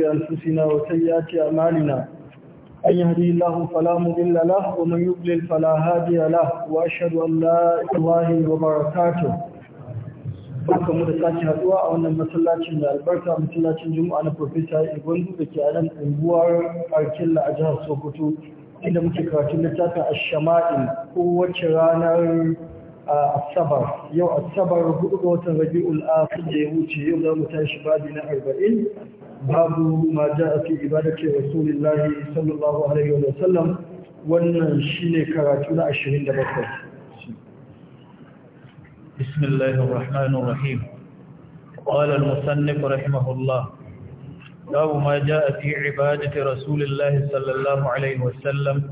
شرور أنفسنا وسيئات أعمالنا أن يهدي الله فلا مضل له ومن يضلل فلا هادي له وأشهد أن لا إله وبركاته barka mu da sake haɗuwa a wannan masallacin da albarka masallacin juma'a na profesa igundu da ke a nan unguwar arkilla a jihar sokoto inda muke karatun littafin ashama'in kowace ranar آه، الصبر يو الصبر هو تنجي الآخر يوتي يو لا متعش بعدنا أربعين باب ما جاء في عبادة رسول الله صلى الله عليه وسلم ونشين كراتون عشرين دبكت بسم الله الرحمن الرحيم قال المصنف رحمه الله باب ما جاء في عبادة رسول الله صلى الله عليه وسلم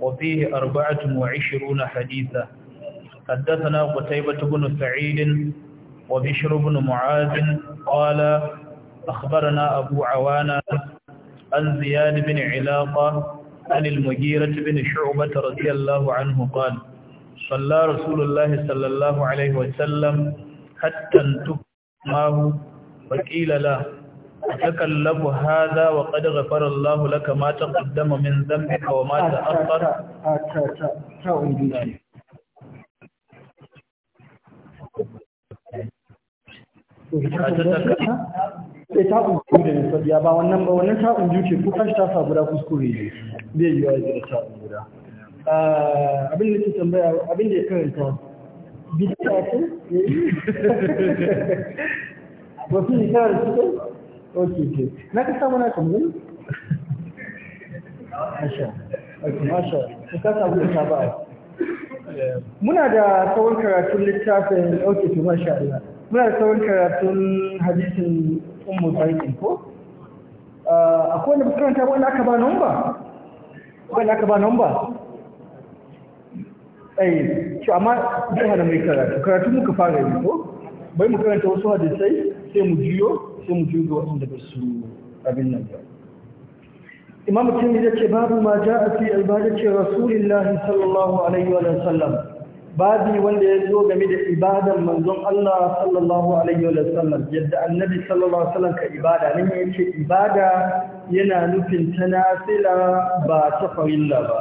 وفيه أربعة وعشرون حديثاً حدثنا قتيبة بن سعيد وبشر بن معاذ قال أخبرنا أبو عوانة عن زياد بن علاقة عن المجيرة بن شعبة رضي الله عنه قال صلى رسول الله صلى الله عليه وسلم حتى انتقى معه وقيل له تكلف هذا وقد غفر الله لك ما تقدم من ذنبك وما تأخر sai ta eh, unju da ba wannan ba wannan ta unju ce ko ta kuskure ne bai ta ah, abin da ke tambaya abin da ya karanta ce eh. wasu ne kawai su ok ok na ka samu na masha masha ka samu da ta ba muna da tsawon karatun littafin ok to masha Allah muna da sauran karatun hadisin ummu sa'idin ko akwai wanda makaranta wanda aka ba nomba wanda aka ba nomba ai shi amma zai hana mai karatu karatu muka fara yi ko bai mu karanta wasu hadisai sai mu jiyo sai mu jiyo ga waɗanda ba su abin nan ba imam mutum ya ce babu ma ja'a fi albadace rasulillahi sallallahu alaihi wa sallam babi wanda ya zo game da ibadan manzon Allah sallallahu alaihi wa sallam yadda annabi sallallahu alaihi wa sallam ka ibada Nan yake ibada yana nufin ta nafila ba ta farilla ba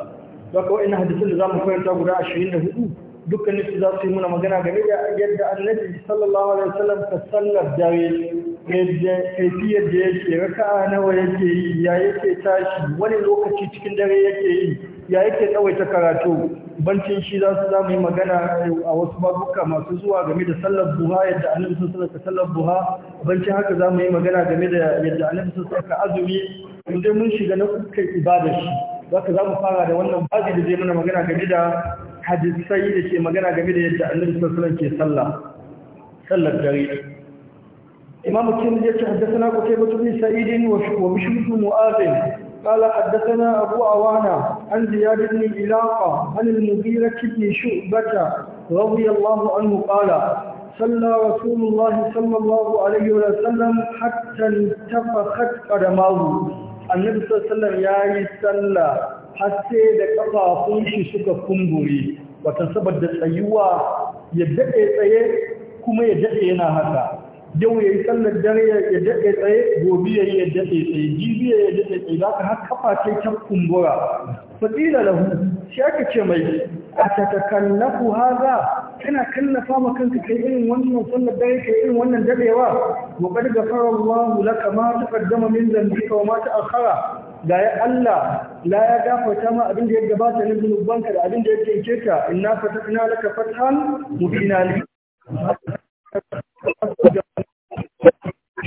doka ina hadisin da zamu karanta guda 24 dukkanin su za su yi muna magana game da yadda annabi sallallahu alaihi wa sallam ka sallar dare yadda kaifiyar da yake raka'a nawa yake yi ya yake tashi wani lokaci cikin dare yake yi ya yake tsawaita karatu bancin shi za su za yi magana a wasu babuka masu zuwa game da sallar buha yadda annabi sun sallaka sallar buha bancin haka za mu yi magana game da yadda annabi sun sallaka azumi inda mun shiga na kuka ibada shi zaka za mu fara da wannan babi da zai mana magana game da hadisai da ke magana game da yadda annabi sun sallaka ke sallah sallar dare imam kim ya ce haddasa na kuke mutum sa'idin wa mishmutu mu'azin قال حدثنا أبو عوانة عن زياد بن العلاقة عن المغيرة بن شعبة رضي الله عنه قال صلى رسول الله صلى الله عليه وسلم حتى انتفخت قدماه النبي صلى الله عليه وسلم يا صلى حتى لقفافون شي suka kumbure wata saboda tsayuwa ya dade tsaye kuma ya dade yana haka yau ya yi sallar dare ya daɗe tsaye gobe ya yi ya daɗe tsaye jibi ya yi daɗe tsaye za ka har kafa ce ta kumbura fatila lahu shi aka ce mai a tatakallafu haza kana kallafa ma kanka kai irin wannan sallar dare kai irin wannan daɗewa wa ga ghafara Allahu laka ma taqaddama min zambi wa ma kara. ga ya Allah la ya gafarta ma abin da ya gabata na zunubanka da abin da ya kike ka inna fatahna laka fathan mubina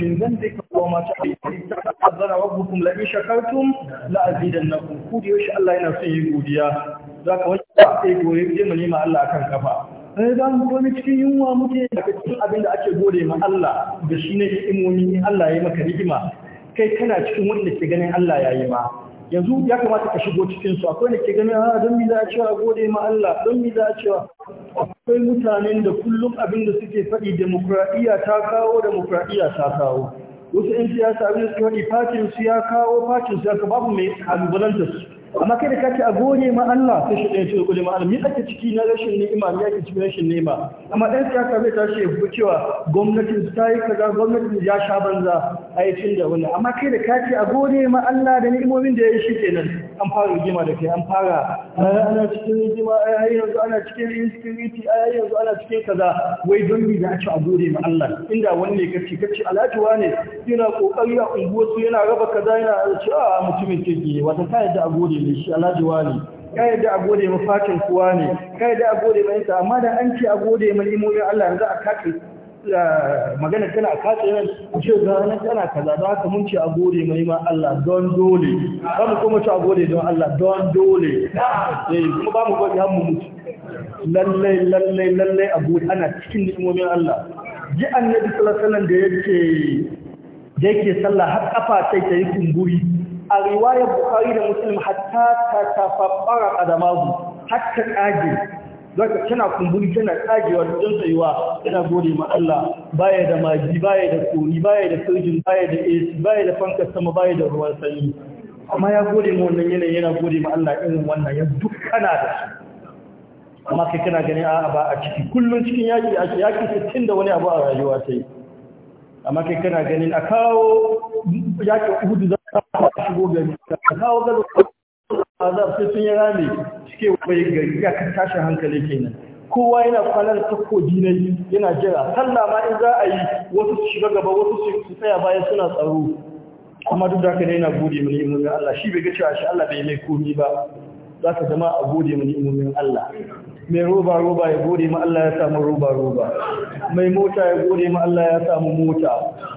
min zanbik wa ma ta'alimu in ta'azzara rabbukum la in la'azi da azidannakum ku da yaushe Allah yana son yin godiya za ka wani ba sai gore je mu nema Allah akan kafa eh za mu komi cikin yunwa muke daga cikin abin da ake gode ma Allah da shi ne in Allah ya maka rihima kai kana cikin wanda ke ganin Allah yayi ma yanzu ya kamata ka shigo cikin su akwai da ke ganin ha ah, don mi za a cewa gode ma Allah don mi za a cewa akwai mutanen da kullum abin da suke faɗi demokradiyya ta kawo demokradiyya ta kawo wasu 'yan siyasa abin da suke faɗi fatin su ya kawo fatin su ya ka babu mai kalubalantar amma kai da kake a gode ma Allah sai shi ɗaya ce gode ma Allah mi ake ciki na rashin ni'ima mi ake ciki rashin ni'ima amma dan siyasa zai tashi ya fi cewa gwamnatin ta yi kaza gwamnatin ya sha banza a yi cin da wani amma kai da kake a gode ma Allah da ni'imomin da ya yi shi kenan an fara rigima da kai an fara ana cikin rigima ai yanzu ana cikin insecurity ai yanzu ana cikin kaza wai don me za a ci a gode ma Allah inda wani ne kace kace alhaji wane yana kokari a unguwarsu yana raba kaza yana cewa ah, mutumin kirki ne wata ta yadda a gode da shi alhaji wani yadda a gode ma fatin kuwa ne ka yadda a gode ma yasa amma da an ce a gode ma limomin Allah yanzu a kake magana tana a katse nan ce ce ranar tana kaza don haka mun ce a gode mai ma Allah don dole ba mu kuma ce a gode don Allah don dole eh kuma ba mu gode mu mutu lallai lallai lallai a gode ana cikin limoyin Allah ji annabi sallallahu alaihi wasallam da yake da yake sallah har kafa sai ta yi kumburi a riwayar bukari da muslim hatta ta a kadamahu hatta za ka tana kumburi tana kagewa don tsayuwa yana gode ma Allah baya da maji baya da tsori baya da sojin baya da AC baya da fankar sama baya da ruwan sanyi amma ya gode ma wannan yanayin yana gode ma Allah irin wannan ya kana da su amma kai kana gani a ba a ciki kullum cikin yaƙi yaƙi yaki 60 da wani abu a rayuwa sai amma kai kana ganin a kawo yaƙi hudu za a shigo gari a kawo gado a za sai sun yi rami suke wai gari ka tashi hankali kenan kowa yana kwanar tako dinai yana jira sallah ma in za a yi wasu su shiga gaba wasu su tsaya baya suna tsaro amma duk da haka ne yana gode mu imomin Allah shi bai ga shi Allah bai mai komi ba za ka zama a gode mu imomin Allah mai roba roba ya gode ma Allah ya samu roba roba mai mota ya gode ma Allah ya samu mota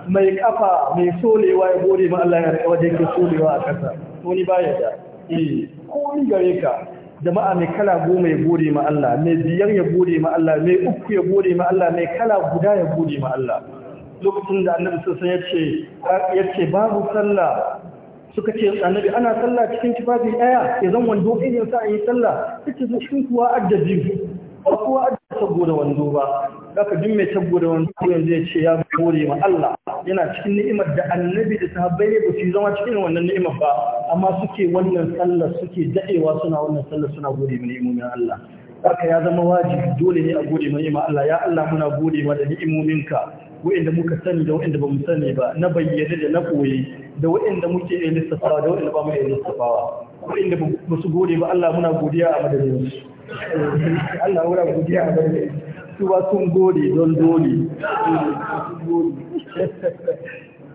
mai kafa mai solewa ya gode ma Allah ya rika wajen ke solewa a kasa wani baya da eh, ko ni gare ka jama'a mai kala goma ya gode ma Allah mai biyar ya gode ma Allah mai uku ya gode ma Allah mai kala guda ya gode ma Allah lokacin da annabi sosai ya ce ya ce babu sallah suka ce annabi ana sallah cikin tufafi ɗaya ya zan wando irin sa a yi sallah ita su cikin kuwa addabi ba kuwa addabi saboda wando ba daga duk mai saboda wani yanzu ya ce ya gode ma Allah yana cikin ni'imar da annabi da sahabbai ne ba su zama cikin wannan ni'imar ba amma suke wannan sallar suke dadewa suna wannan sallar suna gode ma ni'imomin Allah haka ya zama wajibi dole ne a gode ma ni'imar Allah ya Allah muna gode ma da ni'imominka wa'inda muka sani da wa'inda ba mu sani ba na bayyane da na koyi da wa'inda muke iya lissafawa da wa'inda ba mu iya lissafawa wa'inda ba su gode ba Allah muna godiya a madadin su Allah muna godiya a madadin su su sun gode don dole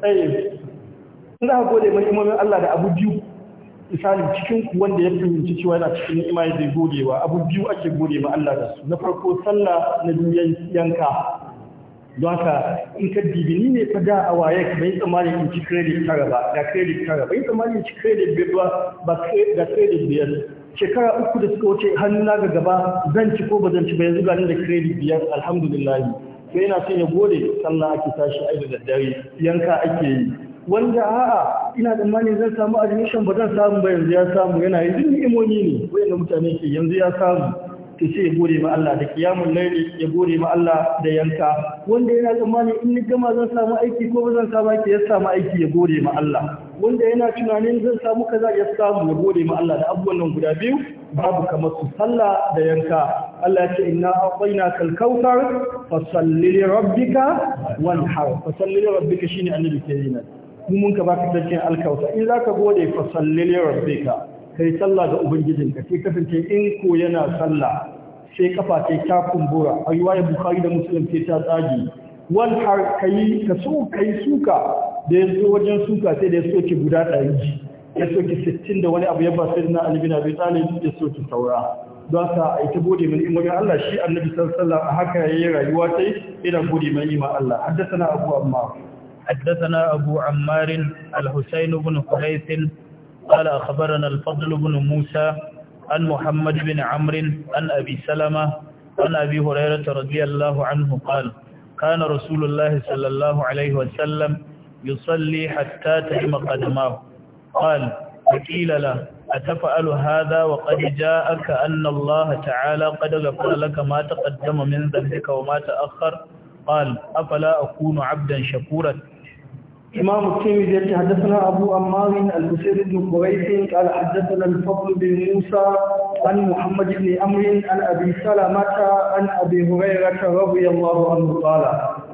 sun za ka gode mai imomin Allah da abu biyu misali cikin wanda ya fahimci cewa yana cikin ima ya zai gode abu biyu ake gode ma Allah da su na farko sallah na biyu yanka don haka in ka dibi ni ne ta da a waye bai tsammani in ci kredit tara ba ga kredit tara bai tsammani in ci kredit biyar ba ga credit biyar shekara uku da suka wuce hannuna ga gaba zan ci ko ba zan ci ba yanzu ga da credit biyar alhamdulillah sai yana son ya gode sallah ake tashi ai da daddare yanka ake yi wanda a'a ina mani zan samu admission ba zan samu ba yanzu ya samu yana yi duk imoni ne wayanda mutane ke yanzu ya samu to ce ya gode ma Allah da kiyamun laili ya gode ma Allah da yanka wanda yana tsammanin in ni gama zan samu aiki ko ba zan samu aiki ya samu aiki ya gode ma Allah wanda yana tunanin zan samu kaza ya samu ya gode ma Allah da abubuwan nan guda biyu babu kamar su sallah da yanka Allah ya ce inna a'tayna kal kautsar fa salli li rabbika wanhar fa salli li rabbika shine annabi ke yi nan mu mun ka baka tsakin alkausa in zaka gode fa salli li rabbika kai sallah ga ubangijinka sai kasance in ko yana sallah sai kafa sai ta kumbura a ya waye bukari da musulun ta tsagi Wan har kayi ka so kayi suka da ya zo wajen suka sai da ya soke guda ɗari ya soke sittin da wani abu ya ba sai na albina bai tsalin ya soke saura don sa a ita gode mai Allah shi annabi sallallahu a haka ya yi rayuwa ta yi ina gode mai ima Allah haddasa na abu amma حدثنا أبو عمار الحسين بن قريث قال a الفضل بن موسى عن محمد بن عمرو عن أبي سلمة عن أبي هريرة رضي الله عنه قال كان رسول الله صلى الله عليه وسلم يصلي حتى تهم قدماه قال فقيل له أتفعل هذا وقد جاءك أن الله تعالى قد غفر لك ما تقدم من ذنبك وما تأخر قال أفلا أكون عبدا شكورا إمام الترمذي حدثنا أبو أمار البصير بن قريش قال حدثنا الفضل بن موسى عن محمد بن أمر عن أبي سلمة عن أبي هريرة رضي الله عنه قال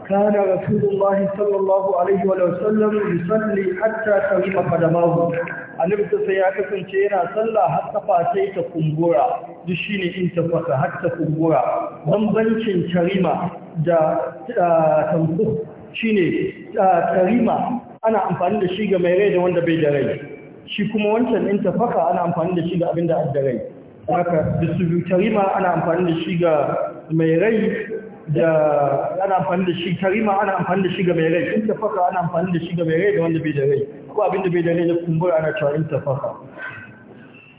كان رسول الله صلى الله عليه وسلم يصلي حتى تغيب قدمه annabta sai ya kasance yana sallah har kafa sai ta kumbura duk shine in ta faka har دا kumbura bambancin tarima da tamku shine ana amfani da shi ga mai rai da wanda bai da rai shi kuma wancan in ta faka ana amfani da shi ga abinda da rai ana amfani da shi ga mai rai da ana amfani da shi karima ana amfani da shi ga mai rai in tafaka ana amfani da shi ga mai rai da wanda bai da rai ko abin da bai da rai da kumbura ana cewa in tafaka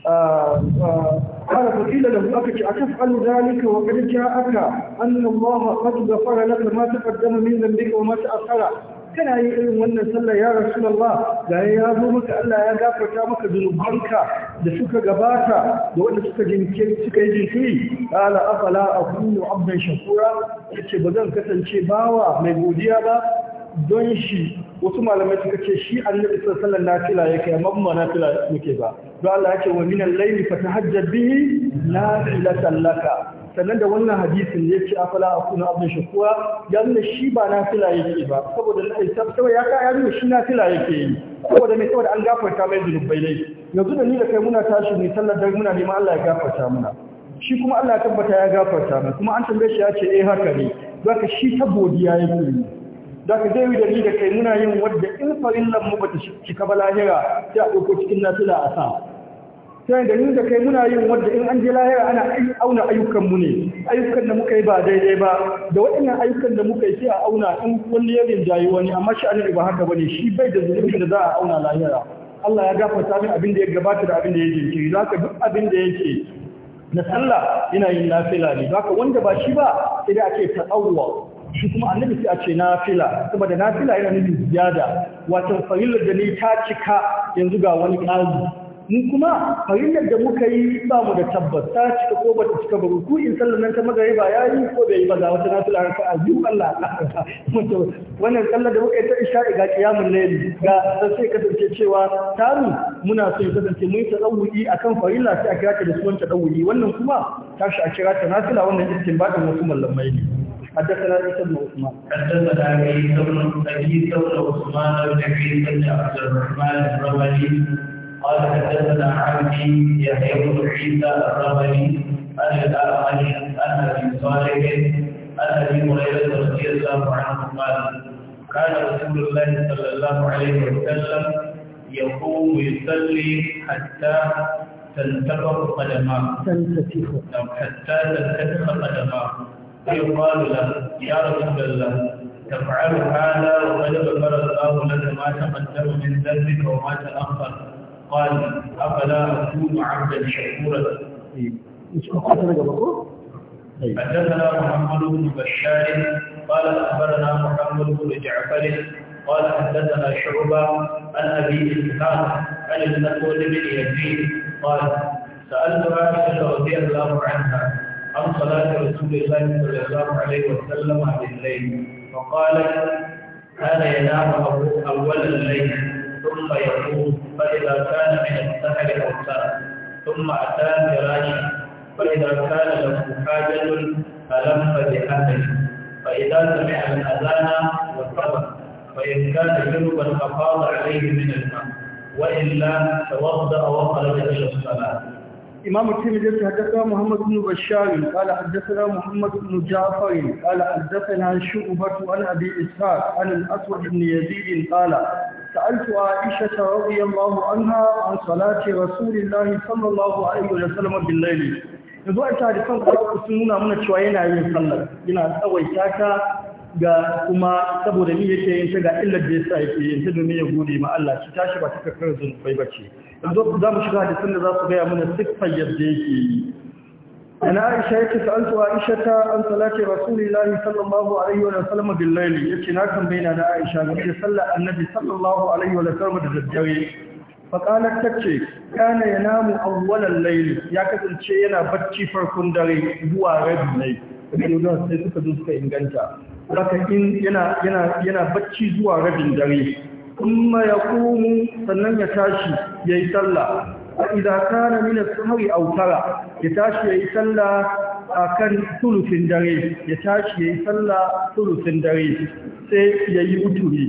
ah, ah, aka? فقيل له أكت أتفعل ذلك وقد جاءك أن الله قد غفر ma ما تقدم من ذنبك وما تأخر kana yin irin wannan sallar ya rasulullah ga ya zo maka Allah ya gafarta maka zunubanka da suka gabata da wanda suka jinkiri suka yi jinkiri ala afala akunu abdan shakura yace zan kasance bawa mai godiya ba don shi wasu malamai suka ce shi annabi sallallahu nafila yake amma ba nafila yake ba don Allah yake wa min al-layli fatahajjab bihi nafilatan laka sannan da wannan hadisin ya ce afala a kuna abin kuwa ya nuna shi ba na fila yake ba saboda saboda ya kaya nuna shi na fila yake yi saboda mai saboda an gafarta mai zunubai ne yanzu da ni da kai muna tashi mai sallar dare muna neman Allah ya gafarta muna shi kuma Allah ya tabbata ya gafarta mu kuma an tambaye shi ya ce eh haka ne zaka shi ta godiya yake yi zaka dai da ni da kai muna yin wadda in farin nan mu bata shi ka ba lahira sai a dauko cikin nafila a sa sai da da kai muna yin wanda in an ji lahira ana auna ayyukan mu ne ayyukan da muka yi ba daidai ba da waɗannan ayyukan da muka yi sai a auna in wani ya rinjayi wani amma shi annabi ba haka bane shi bai da zulubi da za a auna lahira Allah ya gafarta min abin da ya gabata da abin da ya jinkiri ka duk abin da yake na sallah yana yin nafila ne Za ka wanda ba shi ba sai da ake ta'awwa shi kuma annabi sai a ce nafila saboda nafila yana nufin ziyada wato fa'ilar da ni ta cika yanzu ga wani ƙazi mu kuma farillar da muka yi ba mu da tabbas ta cika ko ba ta cika ba ku in sallar nan ta magari ba ya yi ko bai yi ba za wata nafila raka a biyu Allah wannan sallar da muka yi ta isha ga kiyamun layli ga sai kasance cewa tamu muna so ya kasance mun ta a akan farilla sai a kira ta da sunan ta dawuyi wannan kuma ta shi a kira ta nafila wannan istinbadin wasu mallamai ne حدثنا عيسى بن عثمان حدثنا عيسى بن عيسى بن عثمان بن بن عبد الرحمن الرملي قال حدثنا عبدي يحيى بن عيسى الرملي عن الاعمش ان ابي صالح ان ابي هريره رضي الله عنه قال كان رسول الله صلى الله عليه وسلم يقوم يصلي حتى تنتفخ قدماه تنتفخ حتى تنتفخ قدماه فيقال له يا رسول الله تفعل هذا وقد غفر الله لك ما تقدم من ذنبك وما تاخر قال أفلا أكون عبدا شكورا حدثنا محمد بن بشار قال أخبرنا محمد بن جعفر قال حدثنا شعبة عن أبي إسحاق عن النقود بن يزيد قال سألت عائشة رضي الله عنها عن صلاة رسول الله صلى الله عليه وسلم في الليل فقالت كان ينام أول الليل ثم يقوم فإذا كان من السهل أوسع ثم أتى فراشا فإذا كان له حاجة ألم بأهله فإذا سمع الأذان وصبر فإن كان جنبا أفاض عليه من الماء وإلا توضأ وخرج إلى الصلاة إمام الترمذي حدثنا محمد بن بشار قال حدثنا محمد بن جعفر قال حدثنا شعبة عن أبي إسحاق عن الأسود بن يزيد قال سألت عائشة رضي الله عنها عن صلاة رسول الله صلى الله عليه وسلم بالليل yanzu a tarifan ƙwararku sun nuna mana cewa yana yin sallar yana tsawaita ta ga kuma saboda ni yake yin ta ga illar da ya sa yake yin ta domin ya gode ma Allah tashi ba ta kakar zunubai ba ce yanzu za mu shiga hadisan da za su gaya mana siffar yadda yake yi أنا عائشة سألت عائشة عن صلاة رسول الله صلى الله عليه وسلم بالليل يتناكم بين أنا عائشة التي صلى النبي صلى الله عليه وسلم بالجري فقالت تكشي كان ينام أول الليل يكتب شيئا بتشي فركن دري هو رب ليل ibn sai suka zo suka inganta haka in yana yana yana bacci zuwa rabin dare kuma ya kumu sannan ya tashi yayi sallah fa idza kana min as-sahwi aw tara ya tashi yayi sallah kan thuluthin dare ya tashi ya yi sallah thuluthin dare sai ya yayi uturi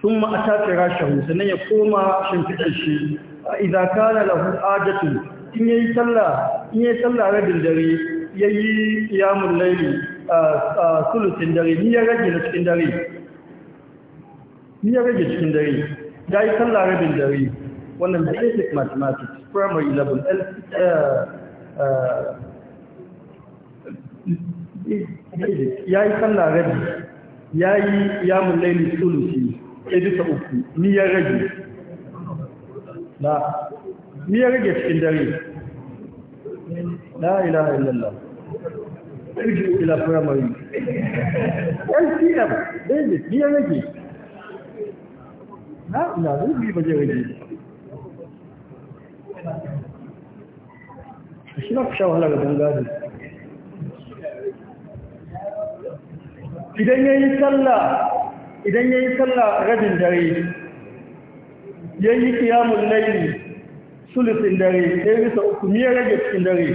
kuma a tafi rashin sannan ya koma shimfiɗar shi a izaka na lahu Adatu, in yayi sallah in yayi sallah rabin dare yayi qiyamul layli a sulutin dare ni ya rage na cikin dare ni ya rage cikin dare yayi sallah rabin dare wannan basic mathematics primary level uh, uh, ya yi sallah rabi ya yi yamun laili sulusi ya bisa uku ni ya rage na ni ya rage cikin dare la ilaha illallah irgi ila primary lcm david ni ya rage na ina zubi ba je rage shi na ku wahala ga gado idan ya yi sallah idan ya yi sallah rabin dare ya yi kiyamun laili sulisin dare ya yi bisa uku miya rage cikin dare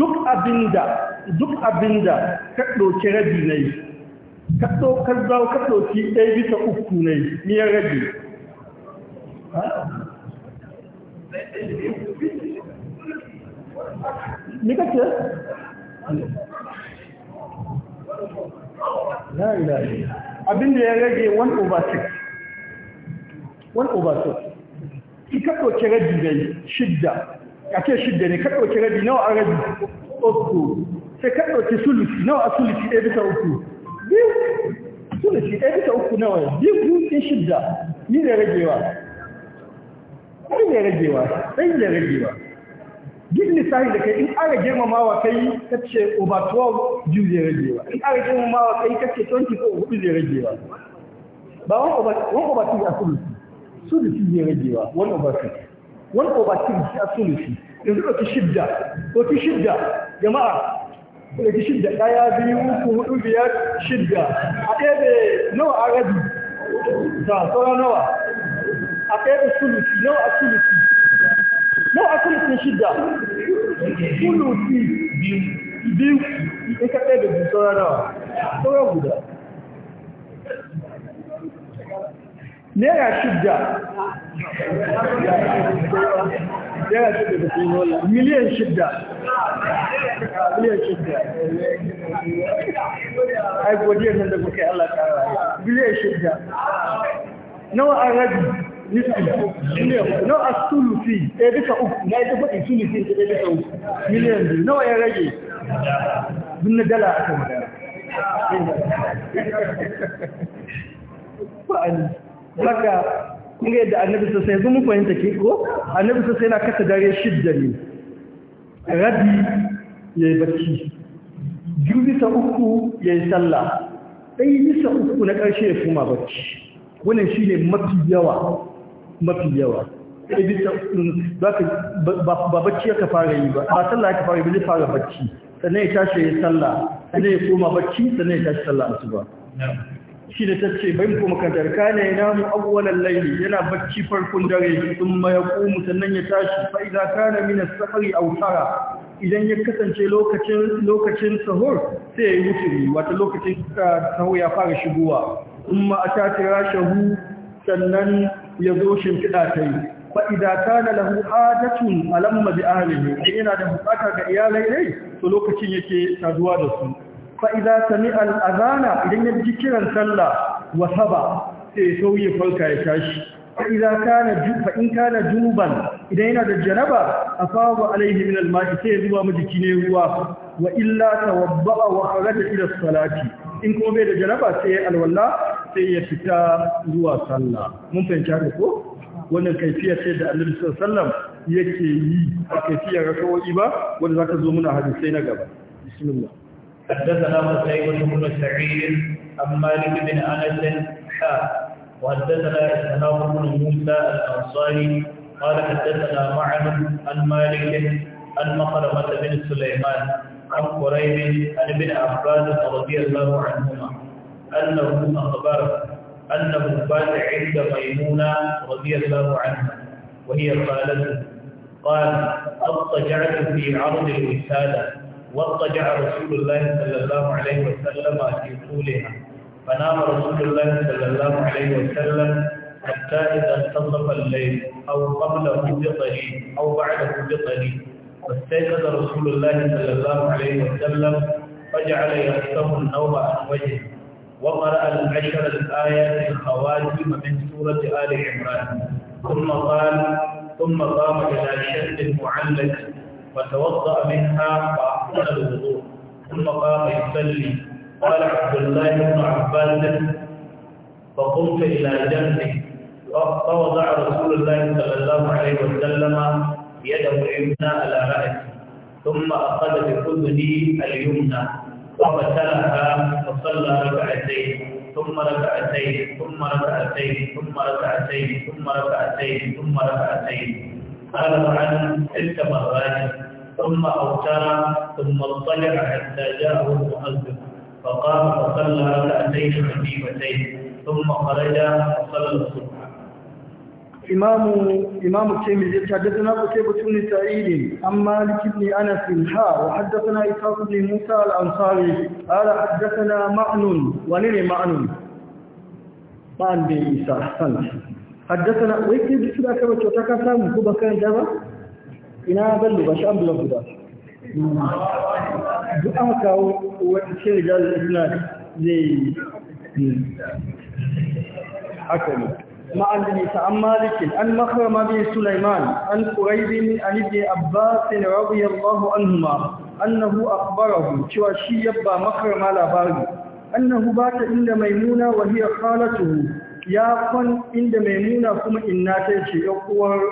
duk abinda duk abinda ka ɗauki rabi na yi ka ɗauki ɗaya bisa uku na yi miya rage ni ka ce? kake abin da ya rage 1 over 6 1 over 6 ki ka ɗauki rabi da yi shidda a ce shidda ne ka ɗauki rabi nawa a rabi uku sai ka ɗauki sulusi nawa a sulusi ɗaya bisa uku biyu sulusi ɗaya bisa uku nawa biyu biyu ɗin shidda ni da ragewa ɗin da ragewa ɗin da ragewa duk misali da kai in aka ara wa kai ka ce over 12 biyu zai rage ba in ara girmamawa kai ka ce 20 ko hudu zai rage ba ba wani over 2 a sulusi sulusi zai rage ba wani over 2 wani over 2 shi a sulusi yanzu ɗauki shidda ɗauki shidda jama'a ɗauki shidda ɗaya biyu uku hudu biyar shidda a ɗaya da nawa a rabi ta sauran nawa a ɗaya da sulusi nawa a sulusi za a kan sun shida kuluti biyu in ka da biyu sauran nawa sauran guda da miliyan allah kara miliyan shida nawa an rabi miliyan nawa a sulufi ɗaya bisa uku na yi tafi sulufi ɗaya bisa uku miliyan biyu nawa ya rage na dala a kan Ba'ani, baka kun ga yadda annabi sassa yanzu mun fahimta ke ko annabi sassa yana kasa dare shidda ne rabi ya yi bacci biyu bisa uku ya yi sallah ɗaya bisa uku na ƙarshe ya kuma bacci wannan shi ne mafi yawa mafi yawa mm, ba bacci ya ka fara yi ba ba sallah ka fara yi ba zai fara bacci sannan ya tashi ya sallah sannan ya koma bacci sannan ya tashi sallah asuba shi da ta ce bai kuma tarka ne ya namu awwalan laili yana bacci farkon dare sun ma ya komu sannan ya tashi fa idan kana min as-sahri aw tara idan ya kasance lokacin lokacin sahur sai ya wuturi wata lokacin ah, sahur ya fara shigowa a atati rashahu sannan ya zo shimfiɗa ta yi fa'ida ta na lahu adatun alamma bi ahalihi in yana da bukata ga iyalai ne to lokacin yake saduwa da su fa'ida sami al'azana idan ya ji kiran sallah wasaba sai sauye farka ya tashi fa'ida fa'in kana junuban idan yana da janaba a fawo alaihi min alma'i sai ya zuba mu jiki ne ruwa wa illa tawabba'a wa kharaja ila salati in kuma bai da janaba sai ya alwala sai ya fita zuwa sallah mun fahimci haka ko wannan kaifiya ce da annabi sallallahu alaihi yake yi a kaifiyar rakawoyi ba wanda zaka zo muna hadisai na gaba bismillah حدثنا مسعيد بن سعيد عن مالك بن انس حاء وحدثنا اسحاق بن موسى الانصاري قال حدثنا معن عن مالك عن مخرمه بن سليمان عن قريب عن ابن عباس رضي الله عنهما أنه أخبر أنه بات عند ميمونة رضي الله عنها وهي قالت قال اضطجعت في عرض الوسادة واضطجع رسول الله صلى الله عليه وسلم في طولها فنام رسول الله صلى الله عليه وسلم حتى إذا انتصف الليل أو قبله بطريق أو بعده بطريق فاستيقظ رسول الله صلى الله عليه وسلم فجعل يرسم النوم عن وجهه وقرأ العشر الآيات الخواتم من سورة آل عمران ثم قال ثم قام إلى شد معلق وتوضأ منها فأحسن الوضوء ثم قام يصلي قال عبد الله بن عباس فقمت إلى جنبه فوضع رسول الله صلى الله عليه وسلم يده اليمنى على رأسه ثم أخذ بأذنه اليمنى وقتلها وصلى ركعتين ثم ركعتين ثم ركعتين ثم ركعتين ثم ركعتين ثم ركعتين قال عن ست مرات ثم أوتر ثم اضطجع حتى جاءه المؤذن فقام وصلى ركعتين خفيفتين ثم خرج وصلى الصبح إمام إمام الترمذي حدثنا قتيبة بن سعيد عن مالك بن أنس ها وحدثنا إسحاق بن موسى الأنصاري قال حدثنا معن ونين معن معن بن عيسى حدثنا ويكتب سورة كما تتكا سامو كوبا كان جابا إنا بلو باش أم بلو بدا دعاك وكي رجال الإسلام زي حكمي مع An عن مالك عن مخرم بن سليمان عن قريب عن ابن عباس رضي الله عنهما أنه أخبره شوى شيبا مخرم على باري أنه بات عند ميمونة وهي خالته ya kwan inda maimuna kuma inna ta ce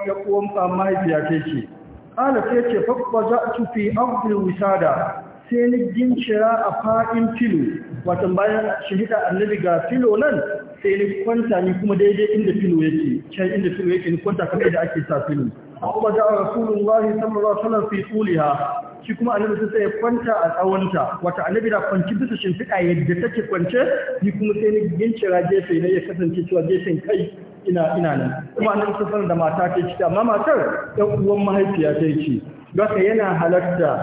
yakuwan mahaifiya ta ce ƙala ta ce babba za a tufi abdul wisada sai ni shira a faɗin filo watan bayan shahida annabi ga filo nan sai ni kwanta ni kuma daidai inda filo yake can inda filo yake ni kwanta kamar yadda ake sa filo kuma da rasulullahi sallallahu alaihi wasallam fi quliha shi kuma annabi sai sai kwanta a tsawonta wata annabi da kwanci bisa shimfiɗa yadda take kwance ni kuma sai ni raje sai ne ya kasance cewa gefen kai ina ina nan kuma annabi sai da mata ta ci amma matar ɗan uwan mahaifiya ta ci gaka yana halarta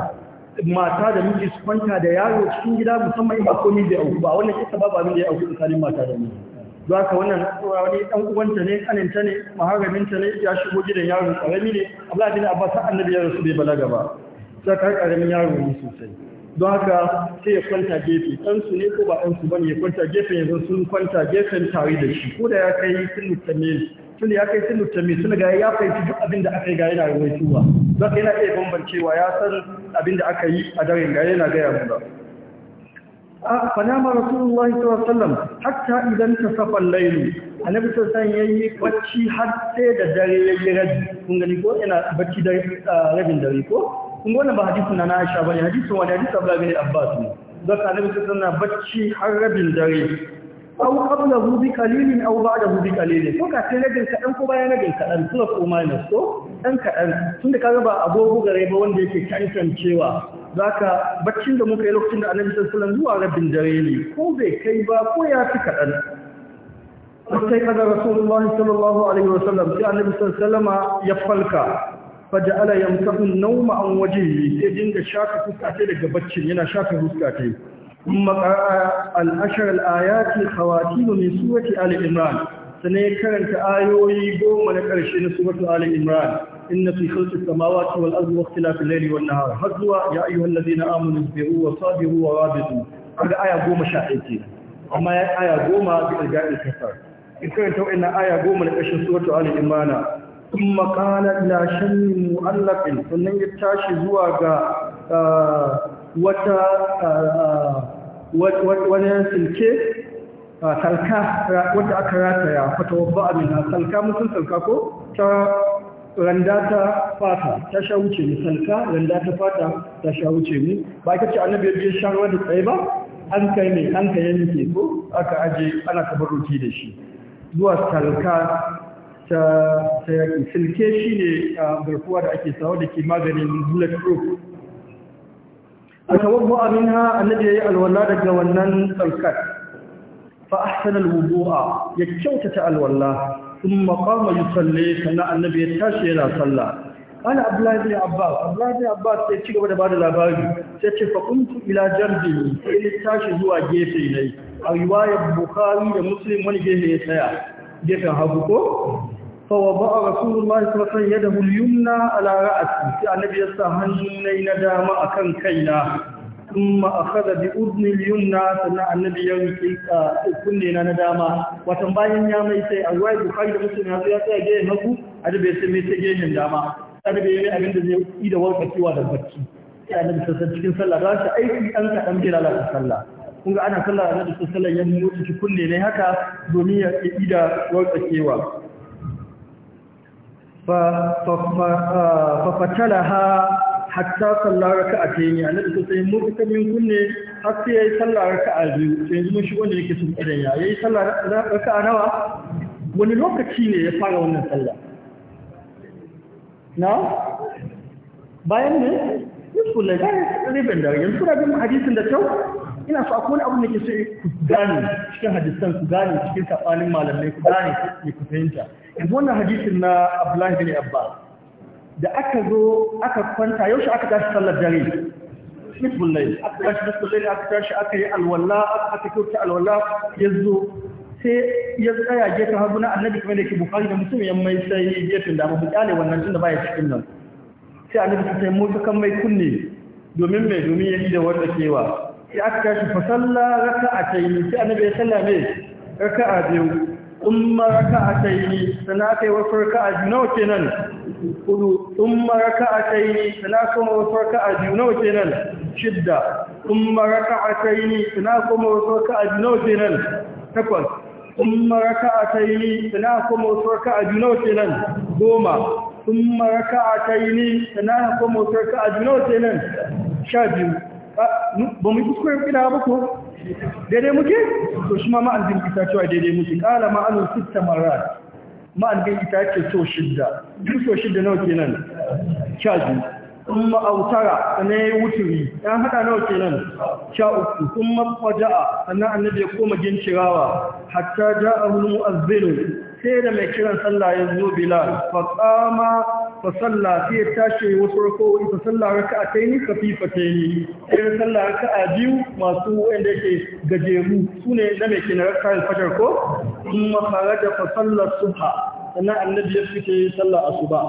mata da miji su kwanta da yaro cikin gida musamman ba komai da auku ba wannan kisa babu abin da ya auku tsakanin mata da miji Zuwa ka wannan tsora wani ɗan uwanta ne kaninta ne maharaminta ne ya shigo gidan yaron ƙarami ne abdullahi Abba abbas annabi ya rasu bai balaga ba sai ka ƙaramin yaro ne sosai don haka sai ya kwanta gefe ɗansu ne ko ba ɗansu ba ne ya kwanta gefen yanzu sun kwanta gefen tare da shi ko da ya kai sun lutamil tun ya kai sun lutamil tun ga ya kai duk abin da aka yi ga yana ruwaituwa za ka yana iya bambancewa ya san abin da aka yi a daren gaya yana gaya mu ba فنام رسول الله صلى الله عليه وسلم حتى إذا انتصف الليل annabi sosan ya yi bacci har sai da dare ya yi rabi kun gani ko ina bacci da ah, rabin dare ko kun wannan ba hadisu na Aisha bane hadisu wani hadisu Abdullah bin Abbas ne don annabi sosan na bacci har rabin dare aw qablahu bi qalilin aw ba'dahu bi qalilin ko ka sai rabin kadan ko bayan rabin kadan Kuma ko minus ko dan kadan tunda kaga ba agogo gare ba wanda yake tantancewa zaka baccin da muka yi lokacin da annabi sallallahu alaihi wasallam zuwa rabin dare ne ko bai kai ba ko ya fi kaɗan sai kaga rasulullahi sallallahu alaihi wasallam sai annabi sallallahu alaihi ya falka faja'ala yamsahu an-nawma an wajhihi sai dinga shafa fuska ce daga baccin yana shafa fuska ce ثم قرأ الأشر الآيات الخواتيم من سورة آل karanta ayoyi goma na قوم na سورة آل عمران إن في خلق السماوات والأرض واختلاف الليل والنهار هزوا يا أيها الذين آمنوا اصبروا وصابروا ورابطوا هذا آية قوم شاعرتي أما آية قوم بإرجاء الكفار إن كنت إن آية قوم لكشن سورة آل إيمانا ثم قال لا شن مؤلف فنن يتاشي زواغا وتا wani silke salka wadda aka rataya fata wabba amina salka mutum salka ko ta randa ta fata ta sha wuce ni salka randa ta fata ta sha wuce ni ba ka ce annabi ya biya da tsaye ba an kai ne an kai yanke ko aka aje ana tabarruki da shi zuwa salka ta ta yaki silke shi ne garkuwa da ake sawa da ke maganin bullet proof a tawabba aminha annabi ya yi alwala daga wannan salkar fa ahsana alwudu'a ya kyautata alwala ثم قام يصلي كان النبي يتاشي الى صلاه قال عبد الله بن عباس عبد الله بن عباس sai ci gaba da bada labari sai ce fa kuntu ila jambi sai tashi zuwa gefe ne a riwayar bukhari da muslim wani gefe ya tsaya gefen hagu ko fa wa ba'a rasulullahi sallallahu alaihi wasallam yadahu al-yumna ala ra'si sai annabi ya sa hannu na dama akan kaina ثم أخذ بأذن اليمنى سنة النبي ينكي كلنا نداما وتنباين يامي سي أرواي بخاري مسلم هذا يا جاي نبو هذا بيسي ميسي جاي نداما هذا بيسي أبين دزي إيدا ورقة سوى دبكي يعني بسسد صلى الله عليه shi aiki an ka dan jira la sallah kun ga ana sallah da su sallah ya mutu ki kunne ne haka domin ya ida warkacewa fa fa fa fatalaha hatta sallah raka a tayi annabi sai sai mu ka min kunne har sai yi sallah raka a biyu sai yanzu mun shigo ne yake sun kiran ya yi sallah raka a nawa wani lokaci ne ya fara wannan sallah na bayan ne yusuf ne ga ribin da yanzu kuna bin hadisin da kyau ina so akwai wani abu da ke sai ku gane cikin hadisan ku gane cikin sabanin malamai ku gane ne ku fahimta yanzu wannan hadisin na Abdullahi bin Abbas da aka zo aka kwanta yaushe aka tashi sallar dare nisbul aka tashi nisbul aka tashi aka yi alwala aka kyauta alwala Yanzu sai ya tsaya gefen hagu na annabi kuma da ke bukari da mutum ya mai sai gefen da mu kyale wannan tunda baya cikin nan sai annabi sai mu kan mai kunne domin mai domin ya yi da wanda kewa sai aka tashi fa sallah raka'atayn sai annabi ya sallame raka'a biyu umma raka'ataini sana kai wasu raka'a biyu nawa kenan kudu umma raka'ataini sana koma wasu raka'a biyu nawa kenan shidda umma raka'ataini sana koma wasu raka'a biyu nawa kenan takwas umma raka'ataini sana koma wasu raka'a biyu nawa kenan goma umma raka'ataini sana koma wasu raka'a biyu nawa kenan sha biyu ba mu kuskure kina ba ko daidai muke to shi ma ma'azin itatuwa daidai muke kala ma'anun sitta marat ita ce so shidda duk so shidda nawa kenan sha kuma autara sannan ya yi wuturi Ya haɗa nawa kenan sha uku kuma faja'a sannan annabi ya koma gincirawa hatta ja'a mu mu'azzinu sai da mai kiran sallah ya zo bilal faƙama fa salla sai ya tashi wasu rakawoyi fa salla raka'ataini khafifataini sai salla a biyu masu wanda yake gajeru sune na mai kina raka'ar fajar ko kuma fara fa fasalla subha sannan annabi ya fice salla asuba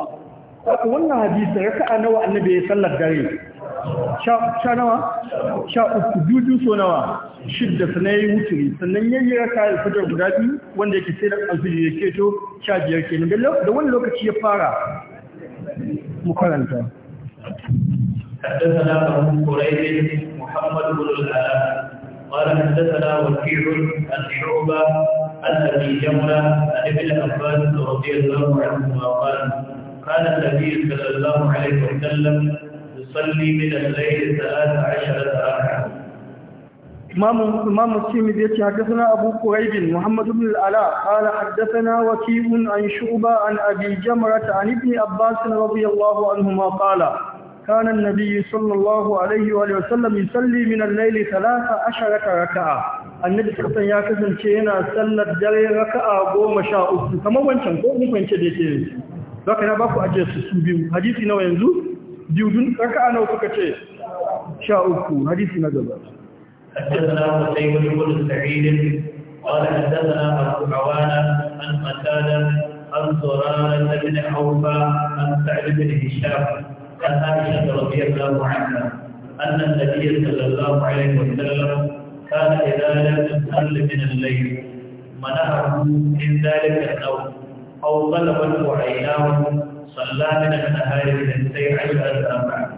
haka wannan hadisi raka'a nawa annabi ya sallar dare sha nawa sha uku juju so nawa shidda sana yi wuturi sannan ya yi raka fajar guda biyu wanda yake sai da alfijir ya keto sha biyar kenan da wani lokaci ya fara مقارنة حدثنا أبو قريب محمد بن العلاء قال حدثنا وكيع عن شعبة عن أبي جمرة عن ابن عباس رضي الله عنهما قال كان النبي صلى الله عليه وسلم يصلي من الليل ثلاث عشرة ركعة إمام إمام مسلم ذي حدثنا أبو قريب محمد بن العلاء قال حدثنا وكيع عن شعبة عن أبي جمرة عن ابن عباس رضي الله عنهما قال كان النبي صلى الله عليه وآله وسلم يصلي من الليل ثلاث عشرة ركعة annabi sassan ya kasance yana sallar dare raka'a goma sha uku kamar wancan ko mun fahimci da yake zaka na baku ajiye su su biyu hadisi nawa yanzu biyu dun raka'a kuka ce sha uku hadisi na gaba حدثنا قتيبة بن سعيد قال حدثنا أبو عوان عن قتادة عن سرارة بن عوفة عن سعد بن هشام عن عائشة رضي الله عنها أن النبي صلى الله عليه وسلم كان إذا لم يصل من الليل منعه من ذلك النوم أو طلبته عيناه صلى من النهار اثنتي عشر ركعة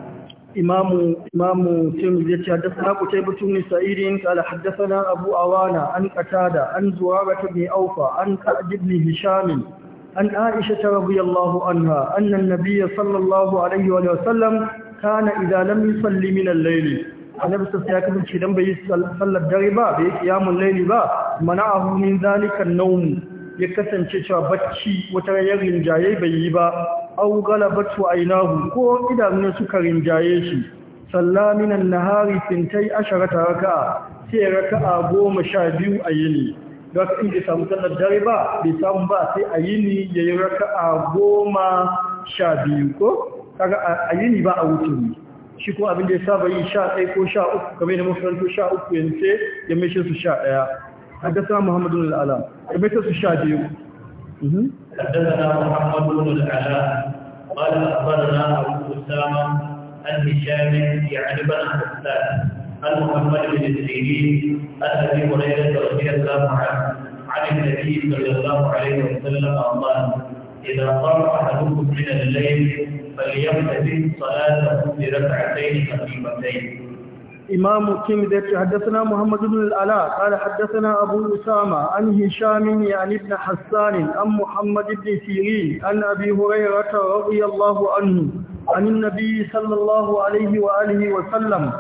imamu imamu tirmidhi yace haddathana qutaybah bin sa'id qala haddathana abu awana an qatada an zuwabah bin awfa an sa'd bin hisham an aisha radhiyallahu anha anna an-nabiy sallallahu alayhi wa sallam kana idha lam yusalli min al-layl annabi sallallahu alayhi wa sallam sallat dare ba bai qiyamul layl ba mana'ahu min dhalika an-nawm ya kasance cewa bacci wata rayar linjaye bai yi ba au galabatu ainahu ko idanun suka rinjaye shi salla minan nahari fintai asharata raka'a sai raka'a goma sha biyu a yini don in bai samu sallar dare ba bai samu ba sai a yini ya yi raka'a goma sha biyu ko kaga a yini ba a wuce wuturi shi kuma abin da ya saba yi sha ɗaya ko sha uku kamar yadda makarantu sha uku yance ya mai su sha ɗaya haddasa muhammadu al'ala ya mai su sha biyu حدثنا محمد بن العلاء قال أخبرنا أبو أسامة عن هشام يعني بن حسان عن محمد بن السيرين عن أبي هريرة رضي الله عنه عن النبي صلى الله عليه وسلم قال إذا قام أحدكم من الليل فليمتثل صلاته بركعتين خفيفتين إمام كندر حدثنا محمد بن الألاء قال حدثنا أبو أسامة عن هشام يعني ابن حسان عن محمد بن سيرين عن أبي هريرة رضي الله عنه عن النبي صلى الله عليه وآله وسلم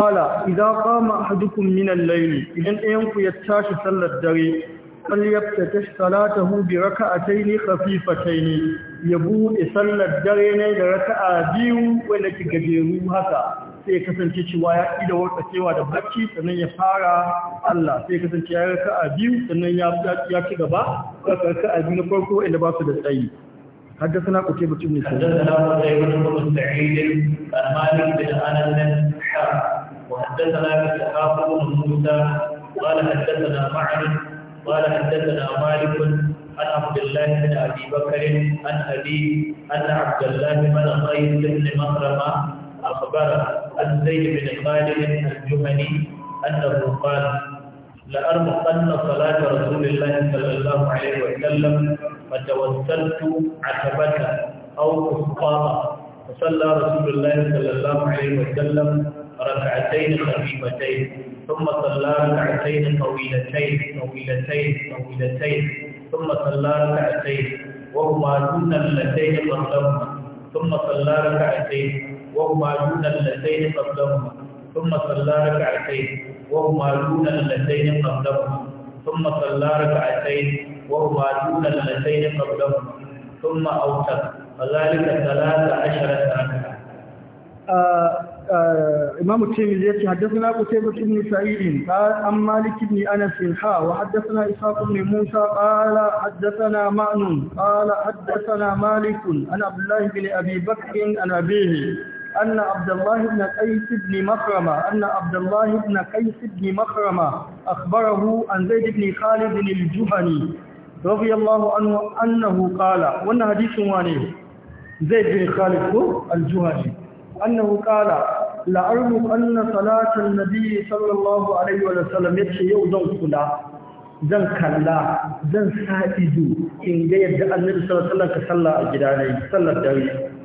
قال إذا قام أحدكم من الليل إذن أينك يتشاش صلى الدري فليبتتش صلاته بركعتين خفيفتين يبوء صلى الدري لركعة بيو ولك جديرو هكذا sai kasance cewa ya da warka cewa da bacci sannan ya fara Allah sai kasance ya raka a biyu sannan ya ci gaba ka karka a biyu na farko inda ba su da tsayi haddathana kutay bin mutim ne sai haddathana kutay bin mutim sa'id al-malik bin anas bin ha wa haddathana bi sahabu bin musa qala haddathana ma'ar qala haddathana malik an abdullah bin abi bakr an abi an abdullah bin al-qais bin makrama أخبر عن زيد بن خالد الجهني أنه قال لأرمقن صلاة رسول الله صلى الله عليه وسلم فتوسلت عتبة أو قسطاطة فصلى رسول الله صلى الله عليه وسلم ركعتين خفيفتين ثم صلى ركعتين طويلتين طويلتين طويلتين ثم صلى ركعتين وهما دون اللتين قبلهما ثم صلى ركعتين وهما دون اللتين قبلهما ثم صلى ركعتين وهما دون اللتين قبلهما ثم صلى ركعتين وهما دون اللتين قبلهما ثم أوتر وذلك ثلاث عشرة ركعة إمام الترمذي يأتي حدثنا قتيبة بن سعيد قال عن مالك بن أنس حا وحدثنا إسحاق بن موسى قال حدثنا مأن قال حدثنا مالك عن عبد الله بن أبي بكر عن أبيه أن عبد الله بن قيس بن مخرمة أن عبد الله بن قيس بن مخرمة أخبره عن زيد بن خالد الجهني رضي الله عنه أنه قال وأن حديث وانيه زيد بن خالد الجهني أنه قال لأعلم أن صلاة النبي صلى الله عليه وسلم يتشي يوضن كلا زن كلا زن سائد إن جيد أن النبي صلى الله عليه وسلم كسلا أجداني صلى الله عليه وسلم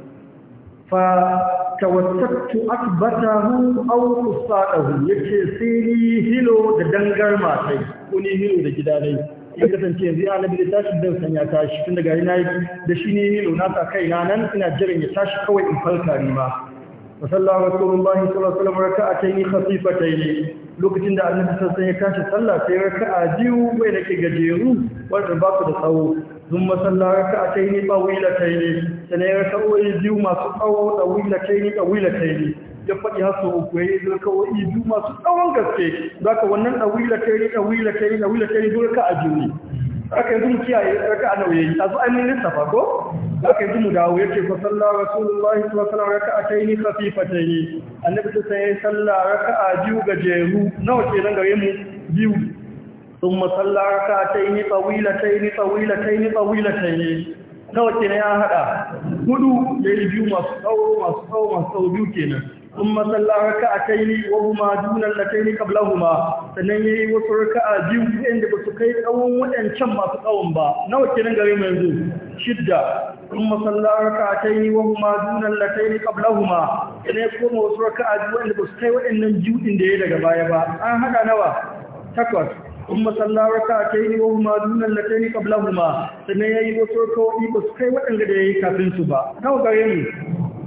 fatawattattu akbatahu aw qusadahu yace sai ni hilo da dangar matai kuni hilo da gidanai ya kasance yanzu ya nabi da tashi dan sanya tashi tun daga ina da shi ni hilo na ta kai na nan ina jiran ya tashi kawai in farka ni ma sallallahu rasulullahi sallallahu alaihi wasallam raka'atayn khafifatayn lokacin da annabi sallallahu ya tashi sallah sai raka'a biyu bai nake gajeru wanda ba ku da tsawo zumma sallah raka'atayn tawilatayn sannan ya biyu masu tsawo ɗawila kai ni ɗawila kai ni ya faɗi hasu uku ya yi biyu masu tsawon gaske za ka wannan ɗawila kai ni ɗawila kai ni ɗawila kai ni duk ka biyu ne aka yanzu mu kiyaye raka'a nawa yayi a zo ainihin lissafa ko aka yanzu mu dawo yake fa sallah rasulullahi sallallahu alaihi wasallam a khafifataini annabi sai ya sallah raka'a biyu gajeru nawa kenan gare mu biyu ثم صلى ركعتين طويلتين طويلتين طويلتين kawai ke ya haɗa hudu ya yi biyu masu tsawo masu tsawo masu tsawo biyu ke nan kun matsala raka a kai ni wahu ma junan da kai ni kabla huma sannan ya yi wasu raka a biyu inda ba su kai tsawon waɗancan masu tsawon ba na wace nan gare mai zo? shidda Sun matsala raka a kai ni wahu ma junan da kai ni kabla huma sannan ya koma wasu raka a biyu inda ba su kai waɗannan biyu ɗin da ya daga baya ba an haɗa nawa takwas kuma sallah a ta yi wa huma dunan la tani qabla huma sannan yayi wasu kawai ba su kai waɗanda da yi kafin su ba nawa gare ni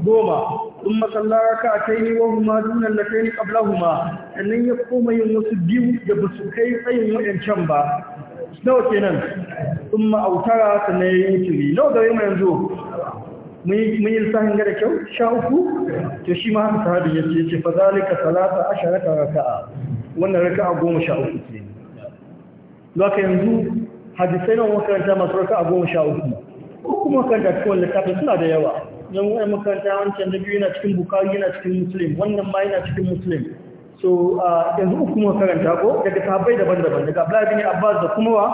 goma ثم صلى ركعتين وهما دون اللتين قبلهما sannan ya koma yin wasu biyu da ba su kai tsayin waɗancan ba nawa kenan sun ma'autara sannan ya yi wuturi nawa gare mu yanzu mun yi lissahin ga da kyau sha uku to shi ma haka sahabi ya ce fa zalika salata asharata raka'a wannan raka'a goma sha uku ce Laka yanzu hadisai na makaranta masu raka a goma sha uku. Ko kuma makaranta cikin wanda tafi suna da yawa. Yan wani makaranta wancan da biyu yana cikin bukari yana cikin musulun wannan ma yana cikin musulun So yanzu uku kuma makaranta ko daga sahabbai daban-daban daga Abdullahi bin Abbas da kuma wa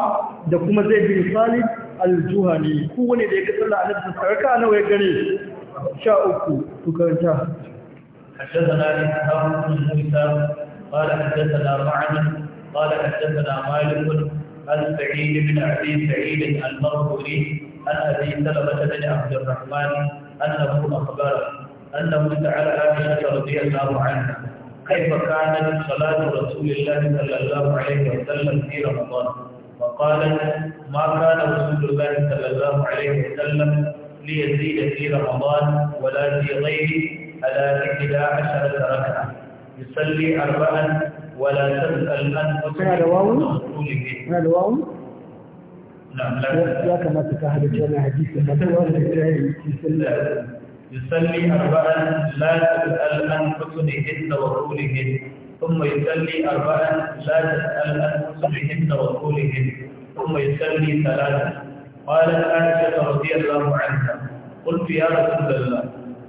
da kuma zai bin Khalid al-Juhani. Kowane da ya kasar da Annabi sarka nawa ya gare sha uku ku karanta. حدثنا الإسحاق بن موسى قال حدثنا معن قال حدثنا مالك عن سعيد بن ابي سعيد المغفوري عن ابي سلمه بن عبد الرحمن انه اخبره انه سال عائشه رضي الله عنها كيف كانت صلاه رسول الله صلى الله عليه وسلم في رمضان وقالت ما كان رسول الله صلى الله عليه وسلم ليزيد في رمضان ولا في غيره على إحدى عشرة ركعة يصلي أربعا ولا تسأل أن هذا واو هذا واو نعم لا كما تكهد الجامع حديث هذا واو يصلي أربعا لا تسأل عن حسنهن وقولهن ثم يصلي أربعا لا تسأل عن حسنهن وقولهن ثم يصلي ثلاثا قالت عائشة رضي الله عنها قلت يا رسول الله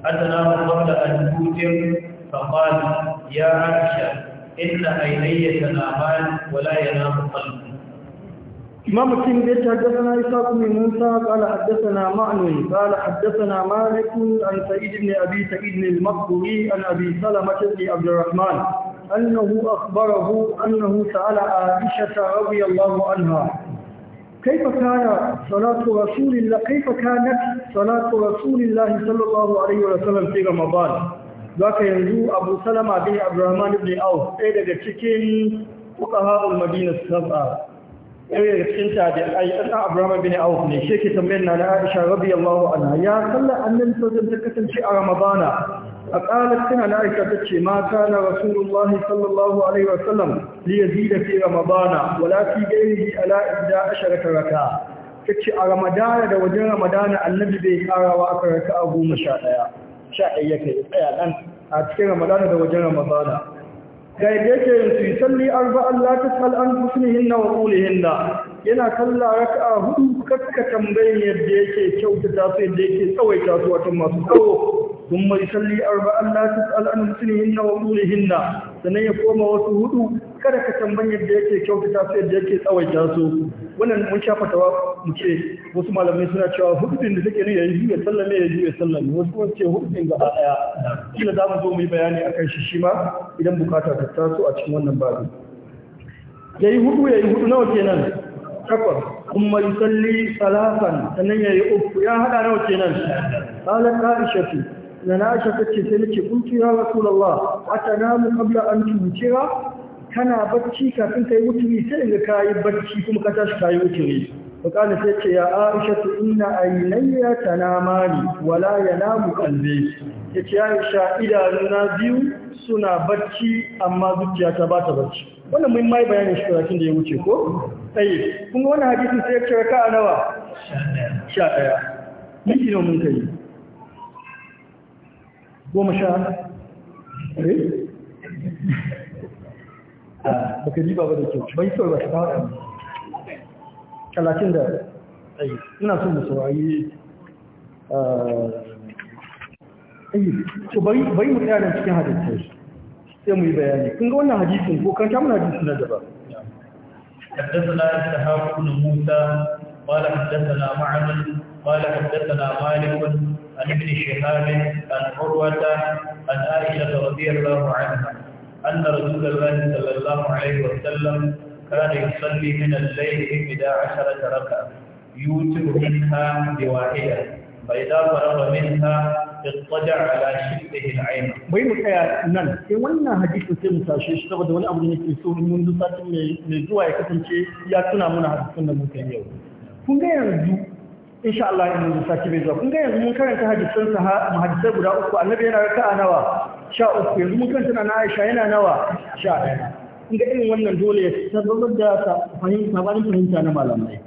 أتنام قبل أن توتر فقال يا عائشة إن عيني تنامان ولا ينام قلبي إمام التنبيت حدثنا إساق بن موسى قال حدثنا معن قال حدثنا مالك عن سيد بن أبي سيد المقبري عن أبي سلمة بن عبد الرحمن أنه أخبره أنه سأل عائشة رضي الله عنها كيف كان صلاة رسول الله كيف كانت صلاة رسول الله صلى الله عليه وسلم في رمضان zaka yanzu Abu Salama bin Abdurrahman ibn Auf ɗaya daga cikin fuqaha'ul Madina sab'a ɗaya daga cikin tabi'ai ɗan Abdurrahman bin Auf ne shi ke tambayar na Aisha radiyallahu anha ya sallar annabi sallallahu ta kasance a Ramadana a qalat tana na Aisha tace ma kana rasulullahi sallallahu alaihi wasallam li yazida fi Ramadana wala fi ghayrihi ala 11 raka'a tace a Ramadana da wajen Ramadana annabi bai karawa aka raka'a 11 sha ɗaya yake ya tsaya nan a cikin ramadana da wajen ramadana ga yadda yake yin su yi salli arba Allah ta sal an husnihin hinna wa ƙulihin na yana kalla raka hudu kakka tambayin yadda yake kyautata su yadda yake tsawaita su watan masu tsawo ثم يصلي أربعا لا تسأل عن مسنهن hinna sannan ya koma wasu hudu kada ka tambayar yadda yake kyautata su yadda yake tsawaita su wannan mun sha fatawa mu ce wasu malamai suna cewa hudubin da take ya yi ya sallame ya yi ya sallame wasu kuma ce hudubin ga daya kila za mu zo mu yi bayani akan shi shi ma idan bukata ta taso a cikin wannan babu ya yi hudu ya yi hudu nawa kenan takwas kuma yi salli salasan sannan ya yi uku ya hada nawa kenan qalat aisha na na aisha sai nake kuntu ya rasulullah mu kabla an tumtira kana bacci kafin kai wuturi sai ga yi bacci kuma ka tashi yi wuturi fakala sai ce ya aisha tu inna aynaya tanamani wala yanamu qalbi yace ya aisha na biyu suna bacci amma zuciya ba ta bacci wannan mun mai bayani shi karatun da ya wuce ko Sai. kun ga wannan hadisi sai ce ka a nawa sha ɗaya Ni ne mun kai goma sha eh Ah, baka riba ba da kyau bai kyau ba ta fara talatin da ɗaya ina son da saurari ah, to bari mu tsaya cikin hadisai sai mu yi bayani kun ga wannan hadisin ko kan ta mun hadisi na gaba حدثنا إسحاق بن موسى قال حدثنا معمر قال حدثنا مالك عن ابن شهاب عن عروة عن عائشة رضي الله عنها أن رسول الله صلى الله عليه وسلم كان يصلي من الليل إحدى عشرة ركعة يوتر منها بواحدة فإذا فرغ منها اضطجع على شقه العين. bai mu tsaya nan sai wannan hadisin sai mu tashi shi saboda wani abu da nake so mun satin mai zuwa ya kasance ya tuna mana hadisin da muka yau kun ga yanzu insha Allah in mun saki bai zuwa kun ga yanzu mun karanta hadisan sahaba hadisai guda uku annabi yana a nawa sha uku yanzu mun karanta na Aisha yana nawa sha ɗaya kun ga irin wannan dole ya tabbatar da fahimta ba fahimta na malamai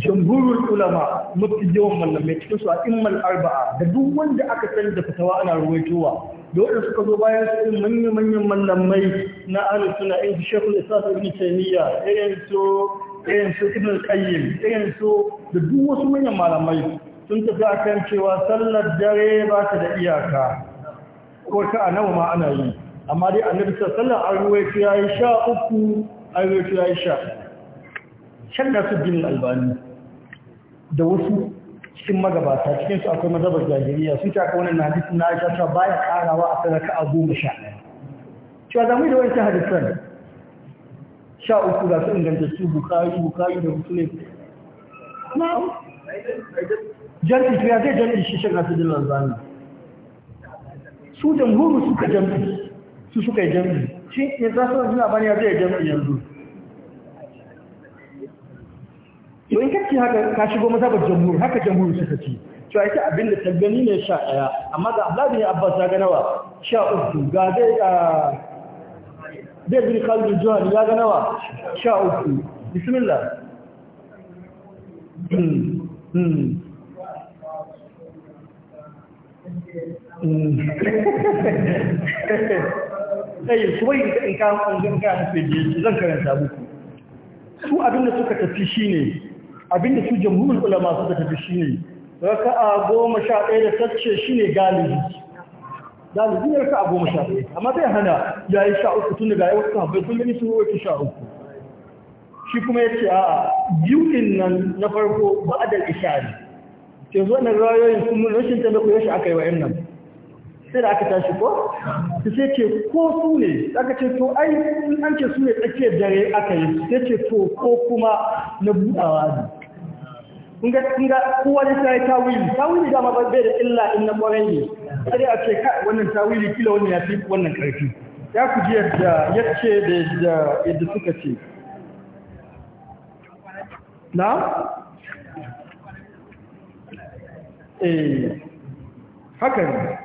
jamhurul ulama mafi yawan malamai cikin su a immal arba'a da duk wanda aka sani da fatawa ana ruwaitowa da wanda suka zo bayan su irin manya-manyan malamai na ahlus sunna in su shekul islam ibn taymiya irin su irin su ibn qayyim irin su da duk wasu manyan malamai sun tafi akan cewa sallar dare ba ta da iyaka ko ka a nawa ma ana yi amma dai annabi sallallahu alaihi wasallam an ya sha uku an ya yi sha shan da su bin albani da wasu cikin magabata cikin su akwai mazhabar jahiliya sun ta wannan hadisi na Aisha baya karawa a sadaka a goma sha cewa zamu da wannan hadisan sha uku ga su ingantattu bukari bukari da muslim na'am jam'i to ya zai jam'i shi shirka su dillan zani su jamhuru suka jam'i su suka yi jam'i shi ne za su suna bani ya zai jam'i yanzu to in kacce haka ka shigo ba jamhur haka jamhur suka ci, to ai ta abin da tabbani ne sha ɗaya. amma ga Abdullahi Abbas ya ga nawa sha uku ga dai zai biri kalbin johan ya ga nawa sha uku bismillah sai suwai da in kan ƙungin kan fege zan karanta muku su abinda suka tafi shine abinda su jamhurin ulama suka tafi shine a goma sha ɗaya da tacce ne galibi galibi ya raka a goma sha ɗaya amma zai hana ya yi sha uku tun daga ya wasu sahabbai sun gani sun wata sha uku shi kuma ya ce a biyu nan na farko ba a da ishari ce zuwa na rayoyin kuma rashin ta ko yashi aka yi wa yan nan sai da aka tashi ko su sai ce ko su ne aka ce to ai in an ce su ne tsakiyar dare aka yi sai ce to ko kuma na buɗawa ne in ga kowa da sai tawili tawili da ma bai da illa inna na sai a ce ka wannan tawili kila wannan ya fi wannan karfi ya ku ji yadda yace da yadda suka ce na eh haka ne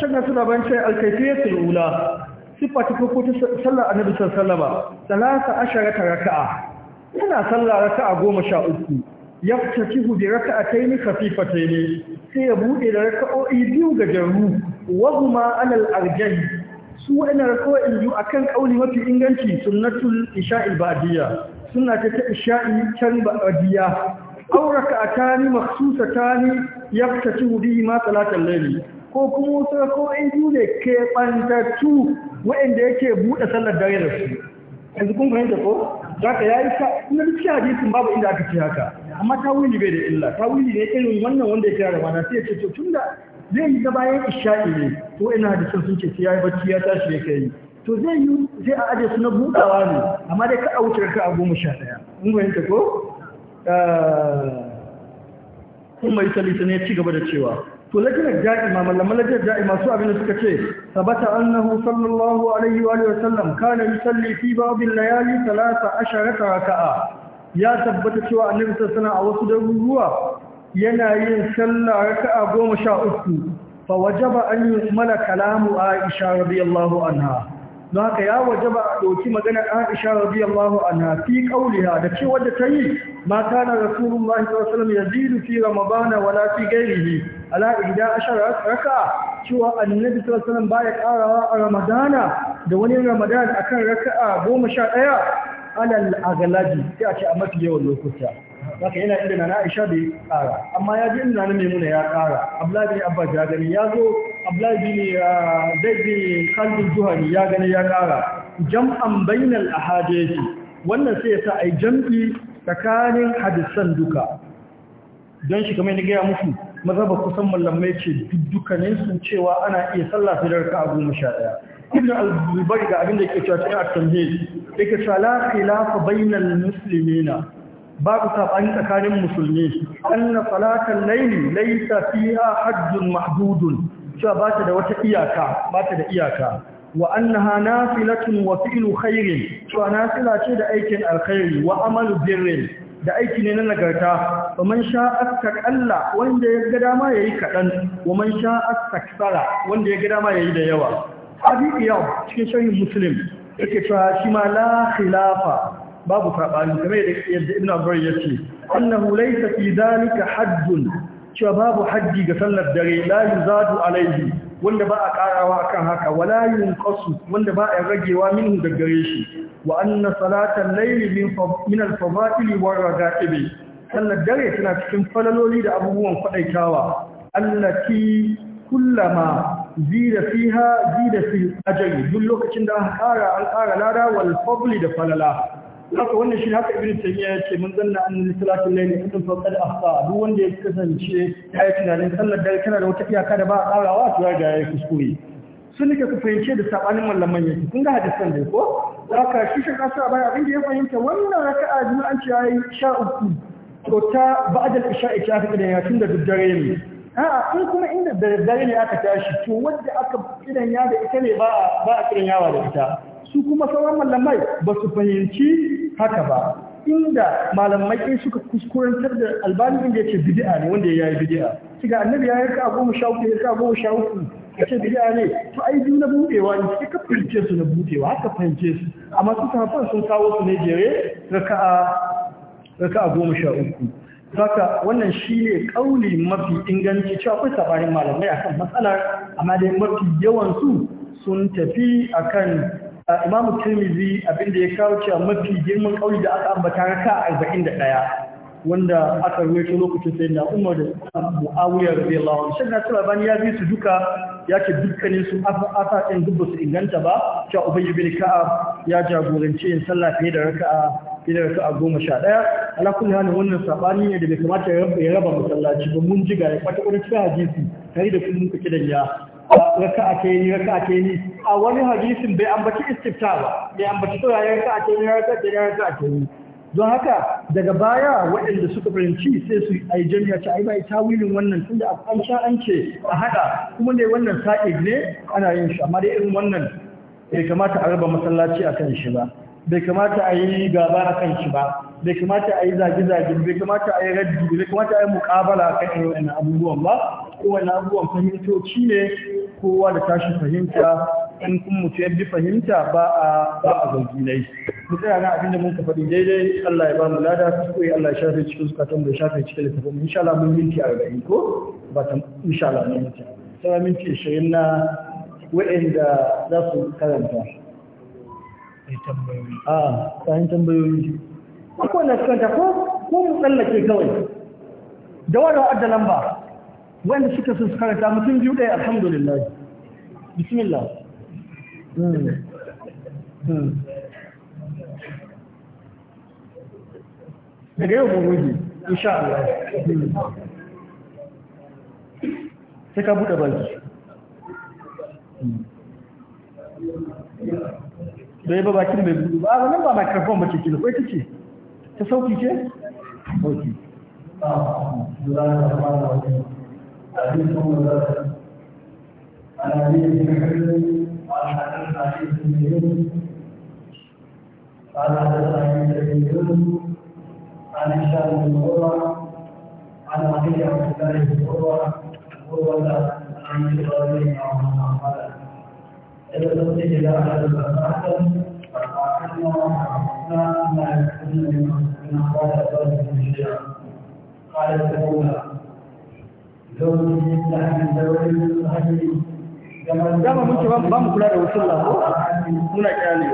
shakka suna ban ce alkaifiyatul ula sifa ta farko ta sallar annabi sallallahu alaihi wasallam 13 raka'a yana sallah raka'a goma sha uku ya tafihu bi raka'ataini ne. sai ya bude da raka'o'i biyu ga jarru wa huma alal arjahi su wa'annan raka'o'in biyu akan kauli mafi inganci sunnatul isha'il ba'diyya sunna ta ta isha'i can ba'diyya aw raka'atani makhsusatani cihu bihi ma salatal layl ko kuma wasu raka'o'in biyu ne ke bantattu wa'anda yake bude sallar dare da su yanzu kun fahimta ko zaka yayi ka kuma duk hadisin babu inda aka ce haka amma tawili bai da illa tawili ne irin wannan wanda ya kira da mana sai ya ce to tunda zai yi ga bayan isha'i ne to ina hadisin sun ce sai yayi bacci ya tashi ya kai to zai yi zai a aje su na budawa ne amma dai ka a wuce ka a goma sha ɗaya mun fahimta ko eh, kuma ita ne ci gaba da cewa to lajinar ja'ima malaman lajinar ja'ima su abinda suka ce sabata annahu sallallahu alaihi wa sallam kana yusalli fi ba'd al-layali 13 raka'a ya tabbata cewa annabi sallallahu a wasu daruruwa yana yin sallah raka'a 13 fa wajaba an yusmala kalamu Aisha radiyallahu anha don haka ya wajaba a ɗauki maganar Aisha radiyallahu anha fi qauliha da cewa da tayi ma kana rasulullahi sallallahu alaihi wa sallam yazidu fi ramadana wala fi ghairihi ala ihda ashara raka cewa annabi sallallahu alaihi wasallam baya karawa a ramadana da wani ramadan akan raka'a goma sha ɗaya alal agalaji sai a ce a mafi yawan lokuta haka yana inda na Aisha bai kara amma ya ji inda na Maimuna ya kara Abdullahi bin Abbas ya gani ya zo Abdullahi bin ah, Zaid bin Khalid Juhani ya gani ya kara jam'an bainal ahadith wannan sai ya sa a yi jam'i tsakanin hadisan duka don shi kamar ni gaya musu. mazaba kusan mallamai ce dukkanin sun cewa ana iya sallah sai ka abu mushaya ibn al-bukhari ga abin da yake cewa cikin at-tamhid yake sala la khilafa bainal muslimina babu sabani tsakanin musulmi anna salatan layli laysa fiha hajjun mahdudun cewa ba ta da wata iyaka ba ta da iyaka wa annaha nafilatun wa fi'lu khairin cewa nafila ce da aikin alkhairi wa amalu birrin da aiki ne na nagarta wa man sha wanda ya ga dama yayi kadan wa man sha wanda ya ga dama yayi da yawa abi cikin sharhin muslim yake cewa shi ma la khilafa babu sabani kuma yadda ibnu abdur yace annahu laysa fi zalika hajj cewa babu haddi ga sallar dare la yuzadu alaihi wanda ba a karawa akan haka wala yunqasu wanda ba a ragewa minhu daga gare shi wa anna salatan layli min al-fadaili war ragaibi sallar dare tana cikin falaloli da abubuwan kwadaitawa allati kullama zira fiha zira fi ajri duk lokacin da aka kara an ƙara lada wal fadli da falala haka wannan shi haka ibnu taymiya yace mun zanna annabi salatul layli idan faqad ahsa duk wanda ya kasance ya yi tunanin sallar dare tana da wata iyaka da ba a karawa to ya ga ya kuskure sun nake ku fahimce da sabanin mallaman yake kun ga hadisan dai ko haka shi shi kasa baya, abin da ya fahimta wannan raka'a biyu an ce yayi sha uku to ta ba'da isha'i ta fi da yatin da daddare ne a'a in kuma inda daddare ne aka tashi to wanda aka kiran ya da ita ne ba ba a kiran yawa da ita su kuma sauran mallamai ba su fahimci haka ba inda malamai suka kuskurantar da albani inda ya ce bid'a ne wanda ya yi bid'a shiga annabi ya yi ka goma sha uku ya ka goma sha ka ce biya ne to ai biyu na budewa ne sai ka fahimce su na budewa haka fahimce su amma su sahabban sun kawo su ne jere raka'a raka'a goma sha uku saka wannan shine kauli mafi inganci cewa akwai sabarin malamai akan matsalar amma dai mafi yawan su sun tafi akan Imam Tirmidhi abinda ya kawo cewa mafi girman kauli da aka ambata raka'a 41 wanda aka ruwaito lokacin sai na umar da mu'awiyar zai Allah shi na tura bani ya bi su duka ya ce dukkanin su asa ɗin duk su inganta ba cewa ubangi bin ka'ab ya jagorance yin sallah fiye da raka'a fidar su a goma sha ɗaya ala hannun wannan sabani ne da bai kamata ya raba masallaci ba mun jiga ya kwata kwata cikin hadisi tare da kun muka kidan ya a kai ni a kai ni a wani hadisin bai ambaci istifta ba bai ambaci to raka a kai ni raka a kai ni don haka daga baya waɗanda suka fahimci sai su yi jami'a ta ai bai tawilin wannan tunda an sha an ce a haɗa. kuma ne wannan sa'id ne ana yin shi amma dai irin wannan bai kamata a raba masallaci akan shi ba bai kamata a yi gaba kan shi ba bai kamata a yi zage-zage bai kamata a yi raddi bai kamata a yi mukabala kan irin wannan abubuwan ba ko wani abubuwan fahimtoci ne kowa da tashi fahimta in kun mutu yabbi fahimta ba a ba a zargi nai mu tsaya na abinda mun ka faɗi daidai Allah ya ba mu lada su koyi Allah ya shafe cikin zukatan da shafe cikin da tafi insha Allah mun minti 40 ko ba ta insha Allah mun minti sai minti shirin na wa'anda za su karanta a tsayin tambayoyi akwai na suka ko ko mu tsallake kawai da wannan adda lamba wanda suka sun karanta mutum biyu ɗaya alhamdulillah bismillah hmm. Hmm. daga yau mun rufe insha Allah hmm. sai ka buɗe baki da ya ba bakin bai buɗe ba nan ba microphone ba ce kilo kai ce ta sauki ce sauki حديث مدرسة عن أبي بن قال حدثنا عيسى بن يونس قال حدثنا عيسى بن يونس عن هشام بن عروة عن أخي عبد الله بن عروة عروة عن إبراهيم عن قال إذا تصل إلى أحد الأحسن فأحسن وأحسن ما يكون من أخبار أبواب الشيعة قال الأولى زوجي لحم زوجي لحم dama muke ba mu kula da wasu lafo muna kyale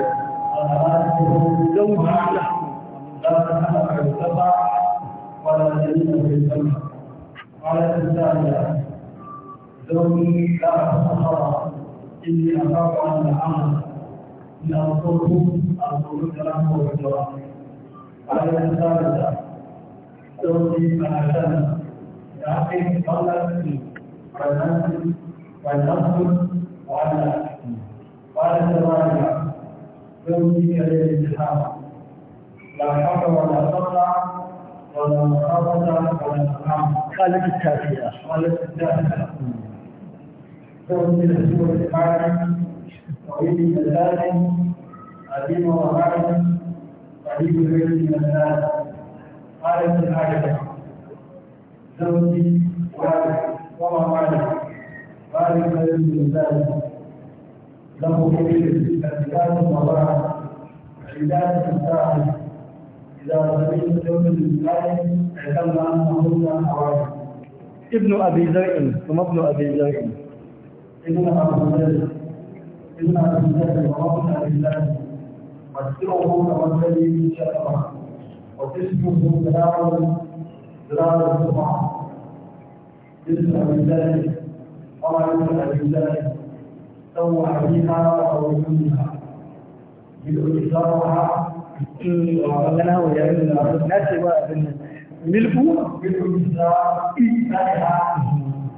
zauji زوجي لا أصحر إني أخاف على العمل إن أصبت أصبت له وجوه على الثالثة زوجي أنا فأقم قلبي والنصر والنصر وعلى قال الزواج يومي الالتحام لا حول ولا قوة ولا مخافة ولا مقام قالت التافهة قالت التافهة يومي الأسبوع الحالي وإني كذلك أديم وغالب قريب غير من الناس قالت الحاجة زوجي وما والد والد رجل ذلك له كبير كالبلاد المضاعف عباد إذا سمعت يوم الإسلام اعتم أنهن حوادث ابن أبي زيد ثم ابن أبي زيد ابن أبي زيد ابن أبي زيد وابن أبي زيد واسره كما الذي شاء وتسمه سلام دراسة الصبح يسمع من ذلك وما يسمع من ذلك سوى فيها أو يسمعها بالإشارة وأنا ويعمل الناس ملكه بالإشارة إيجابها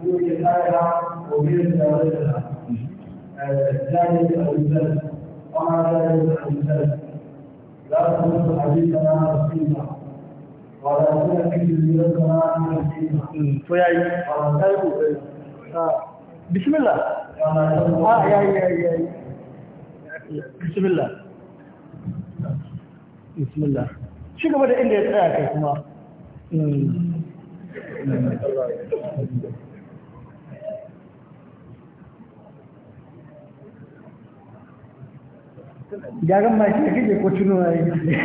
وإيجابها وبإيجابها ذلك أو ذلك وما ذلك أو ذلك لا تنسوا حديثنا رسول الله to bismillah ah, da inda ya tsaya kai kuma gyaran ma shi ko yi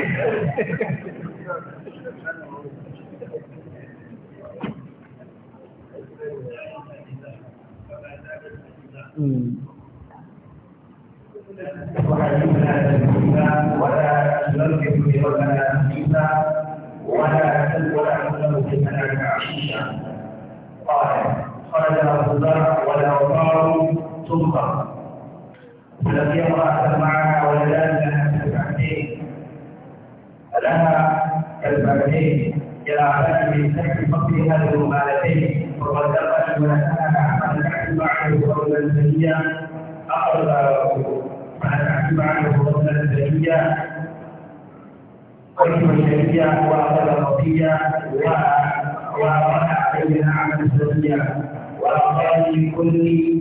ولا تلبس بوزن عزيزا ولا تلبس بوزن عزيزا قال خرج الخزاع ولا وقار ثم ولم يقرا معها ولدان لها كالبعدين لها كالبعدين من سكن فقرها الرمالتين وقد فلا تعتب عنه قولا سديدا فلا تعتب عنه قولا سديدا حكم شريا وقال رقيا ورفع بين عمل سريا وأعطاني من كل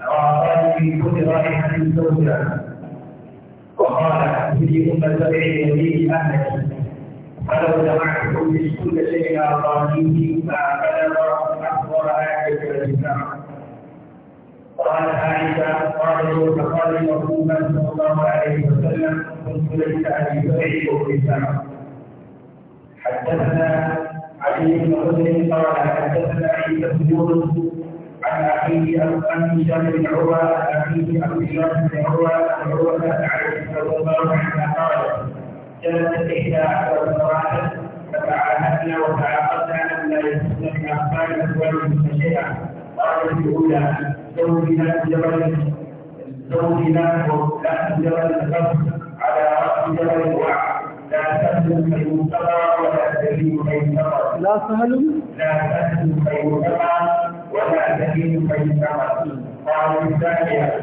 وأعطاني من كل رائحة زوجة وقال اهدي أم سبعي يديه أهلك فلو جمعت كل شيء أعطانيه ما بلغ أخبار عائشة الإسلام قال عائشة قال يوسف قال الله صلى الله عليه وسلم كنت ليس أبي سعيد وإسلام حدثنا علي بن حسن قال حدثنا عيسى بن يونس عن أخيه عن هشام بن عروة عن أخيه عبد الله بن عروة عن عروة عن عائشة رضي الله عنها قال جلست إحدى عشر امرأة تعاهدنا وتعاقدنا أن لا يحسن من أخطائنا سوى شيئا قالت الأولى زوجي لا تجبل زوجي لا تجبل الغصب على رأس جبل الوعي لا تهلم فيمتقى ولا تهين فيمتقى لا تهلم لا تهلم فيمتقى ولا تهين فيمتقى قال الثانية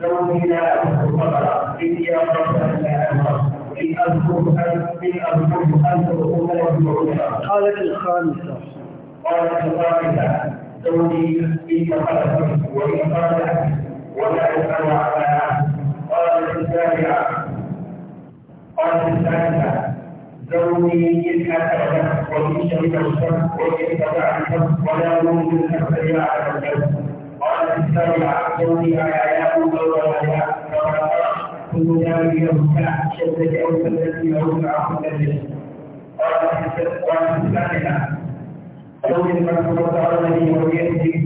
زوجنا قالت الخامسة قالت الخامسة زوجي إن خلفت وإن قالت ولا يسأل عنها قالت السابعة قالت الثالثة زوجي إن أكلت وإن شرب الشمس وإن تبع الشمس ولا يوجد نفسي على الشمس قالت السابعة زوجي على آية كل دار يرجع شدة أوفى التي يرجع كل الجسم قال حسنها زوج المرسول تعالى الذي يرجع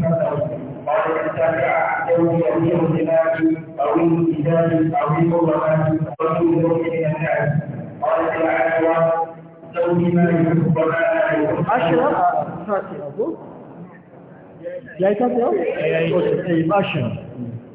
فرده قال تتابع زوج أمير الزمان أو الإنسان أو المرأة أو زوج من الناس قال تعالى زوج ما يحب وما لا يحب عشرة فاتحة جاي تاتي؟ اي عشرة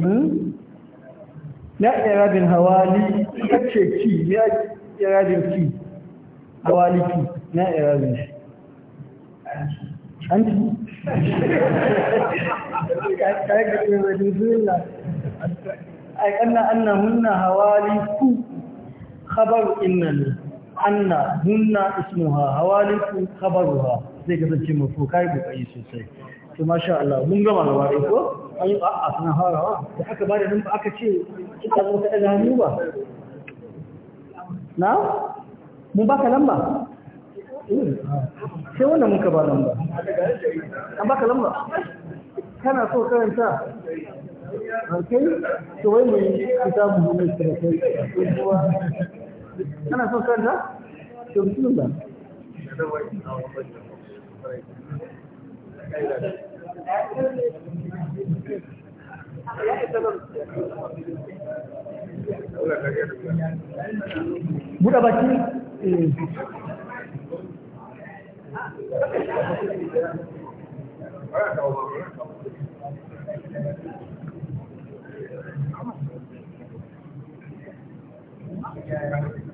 na hmm? irabin hawali ya ce ki ya irabin ki hawali ki na irabin shi an ci kayan kanna anna hunna hawali ku khabaru inna ne anna hunna ismuha hawali ku khabaruha zai kasance mafi kai kokari sosai to masha Allah mun gama da wari ko a a'a suna harawa da aka ba da numfa aka ce kika zo ka ɗaga hannu ba na mun baka lamba eh, sai wannan muka ba lamba an baka lamba kana so karanta kai to wai mai kitabu mu mai karatu kana so karanta to bismillah Thank you. buɗe baki Thank eh. you.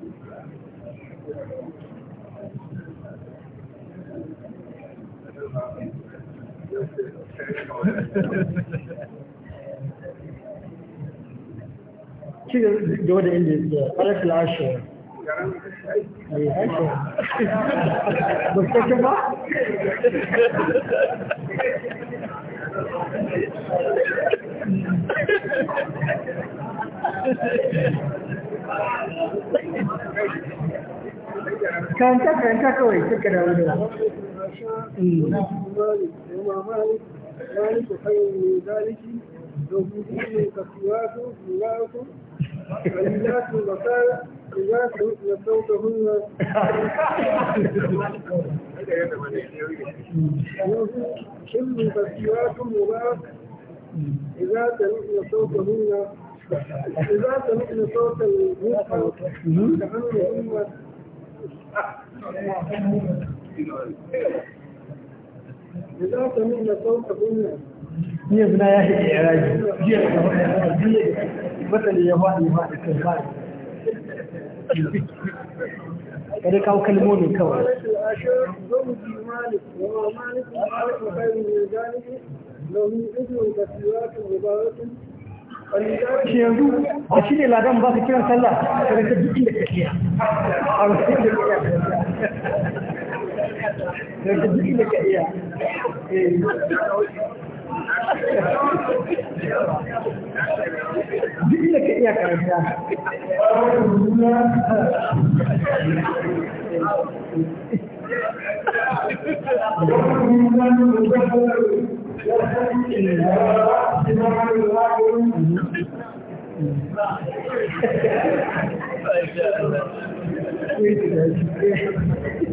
ci gaba da inda ya eh, ba su ba? kawai suka da wani ba hmm. Real, Cojado de Dálici, Los Municipios de Castigazo, من كذلك كلموني كوا الاشهر ضم مالك ومالك عارف وخير من ذلك لو من اجل التسويات المباركه ان يجعل شيء يجوز اشيل الادم باقي كلام صلاه daga jiki da ka iya jiki da ka iya karanta Thank you.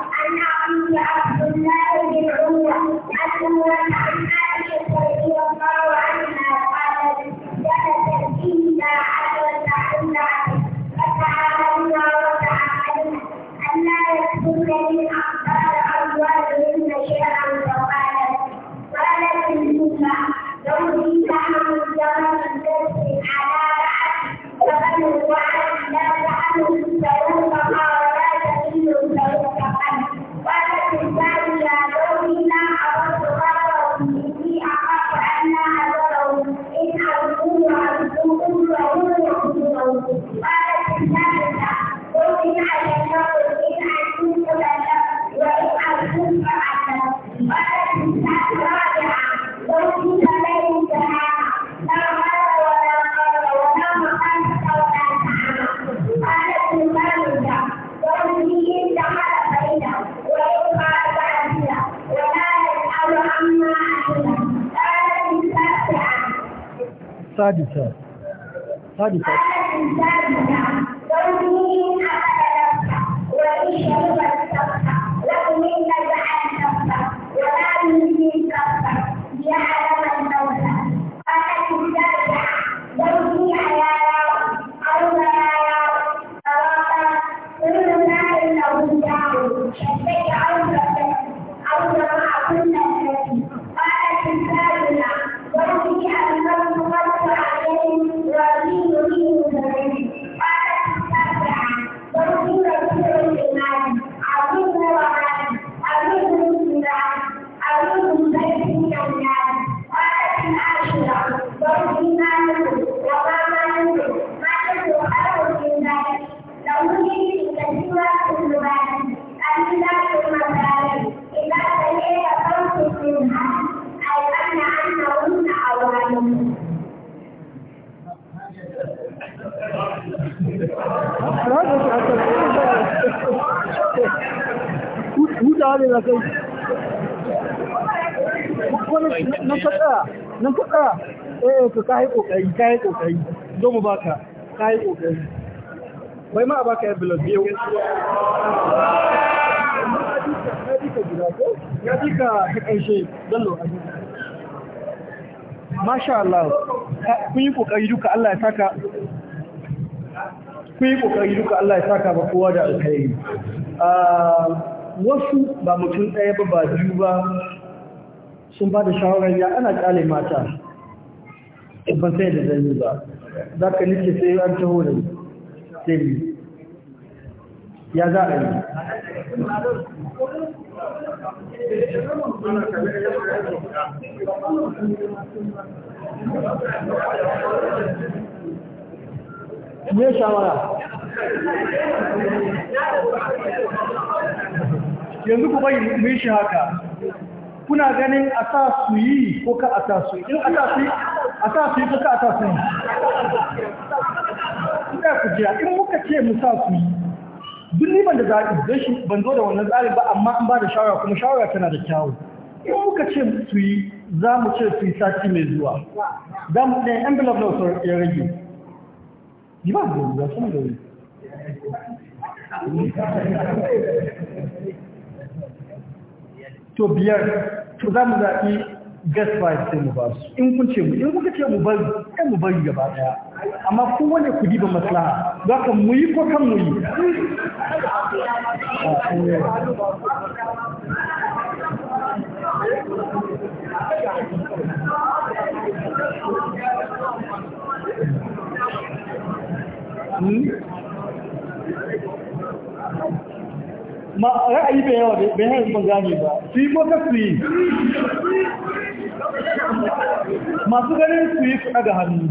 Sadisa. Sadisa. baka ka yi ƙoƙari bai ma a baka ya bulan biyu ya ji ka guda ko ya ji ka ta ƙarshe don lokaci masha Allah kun yi ƙoƙari duka Allah ya saka kun yi ƙoƙari duka Allah ya saka ba kowa da alkhairi ah, wasu ba mutum ɗaya ba ba biyu ba sun ba da shawarar ya ana ƙale mata ban sai da zai ba za ka nike sai an taho da sai ya za a yi ne shawara yanzu ku bai mishi shi haka kuna ganin a sa su yi ko ka a sa su yi in a sa su yi a su yi kuka aka sa su yi ina ku jiya in muka ce mu sa su yi duk ni ban da zaɓi don shi ban zo da wannan tsarin ba amma an ba da shawara kuma shawara tana da kyawu in muka ce su yi za mu ce su yi sati mai zuwa za mu ɗaya eh, envelope na wasu ya rage yi ba da za su mu wuri to biyar to za mu zaɓi gas five sai mu ba su in kun ce mu in kuka ce mu bari sai mu bari gaba daya amma ku wani ku diba maslaha za ka mu yi ko kan mu yi Hmm? ma ra'ayi bai yawa bai hanyar ban gane ba su yi ko su yi masu ganin su yi su ɗaga hannu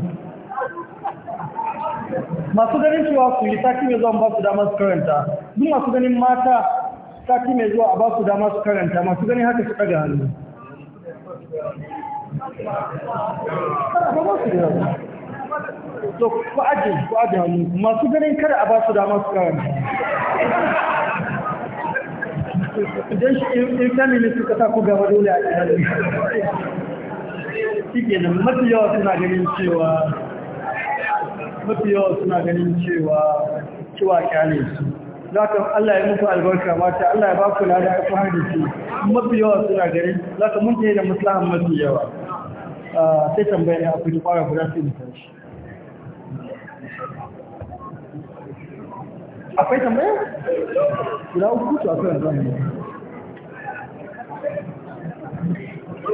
masu ganin cewa su yi sati mai zuwa ba su damar su karanta duk masu ganin mata sati mai zuwa a ba su damar su karanta masu ganin haka su ɗaga hannu ko aji ku aji hannu masu ganin kada a ba su damar su karanta idan shi in feminist suka sa ku gaba dole a ƙarfi shi ke nan mafi yawa suna ganin cewa mafi yawa suna ganin cewa cewa kyale su za ka Allah ya muku albarka mata Allah ya ba ku lada da su mafi yawa suna ganin za ka mun da mafi yawa ah, sai tambayar ya guda tashi akwai tambaya? guda uku to akwai yanzu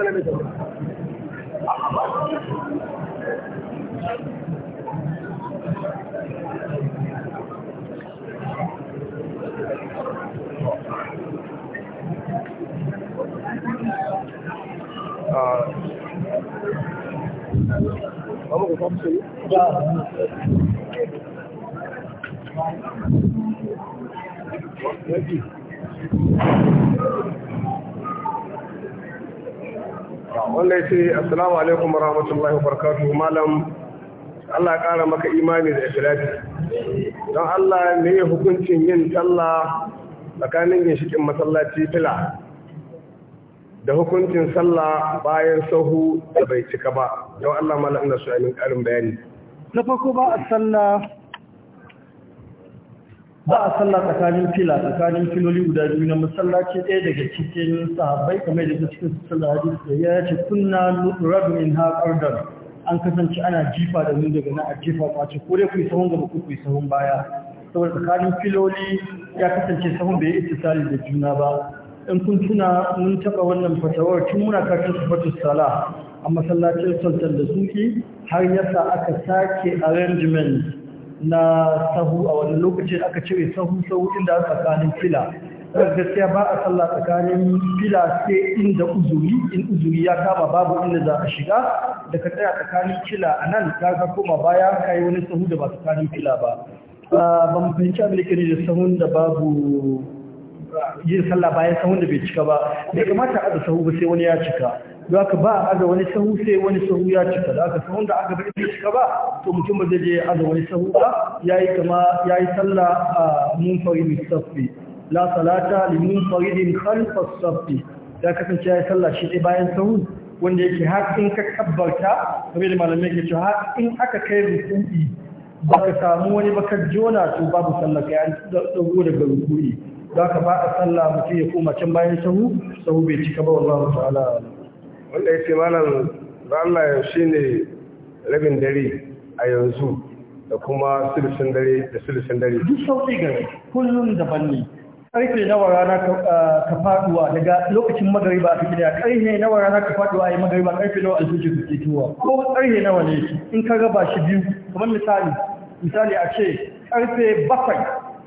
ne ah. Vamos, wanda ce assalamu alaikum wa rahmatullahi wa malam Allah ya kara maka imani da ikhlasi don Allah ne ya hukuncin yin talla tsakanin ginshikin masallaci fila da hukuncin sallah bayan sahu da bai cika ba don Allah malam ina so karin bayani na farko ba a sallah ba a sallah tsakanin fila tsakanin filoli guda biyu na masallaci ɗaya daga cikin sahabbai kamar da ta cikin sallah hadis da ya ce kunna nuradu min ha qardan an kasance ana jifa da mu daga na a jifa kwace ko dai ku sahun gaba ko ku sahun baya saboda tsakanin filoli ya kasance sahun bai ittisali da juna ba in kun tuna mun taɓa wannan fatawar tun muna kafin sifatu sala a masallacin sultan da suki har yasa aka sake arrangement na sahu a wani lokacin aka cire sahu sahu inda tsakanin fila ɗan gaskiya ba a sallah tsakanin fila sai inda uzuri in uzuri ya kama babu inda za a shiga da ka tsaya tsakanin fila a nan ka koma baya ka yi wani sahu da ba tsakanin fila ba ba mu fahimci abin da ke da sahun da babu yin sallah bayan sahun da bai cika ba bai kamata a da sahu ba sai wani ya cika za ka ba a aza wani sahu sai wani sahu ya cika da aka sahun da aka bai bai cika ba to mutum ba zai je aza wani sahu ba ya yi kama ya yi sallah a munfaridin safi la salata li din khalfas safi ya kasance ya yi sallah shi ɗaya bayan sahu wanda yake har in ka kabbarta kamar da malamai ke cewa har in aka kai rukuni ba ka samu wani baka jona to babu sallah kai an dago daga rukuni za ka ba a sallah mutum ya koma can bayan sahu sahu bai cika ba wallahu ta'ala wanda ya ce malam da Allah ya shi ne rabin dare a yanzu da kuma silisin dare da silisin dare duk sauƙi gare kullum daban ne karfe nawa rana ka faɗuwa daga lokacin magariba a tafiya karfe nawa rana ka faɗuwa a yi magariba karfe nawa alfijir ka ke tuwa ko karfe nawa ne in ka raba shi biyu kamar misali misali a ce karfe bakwai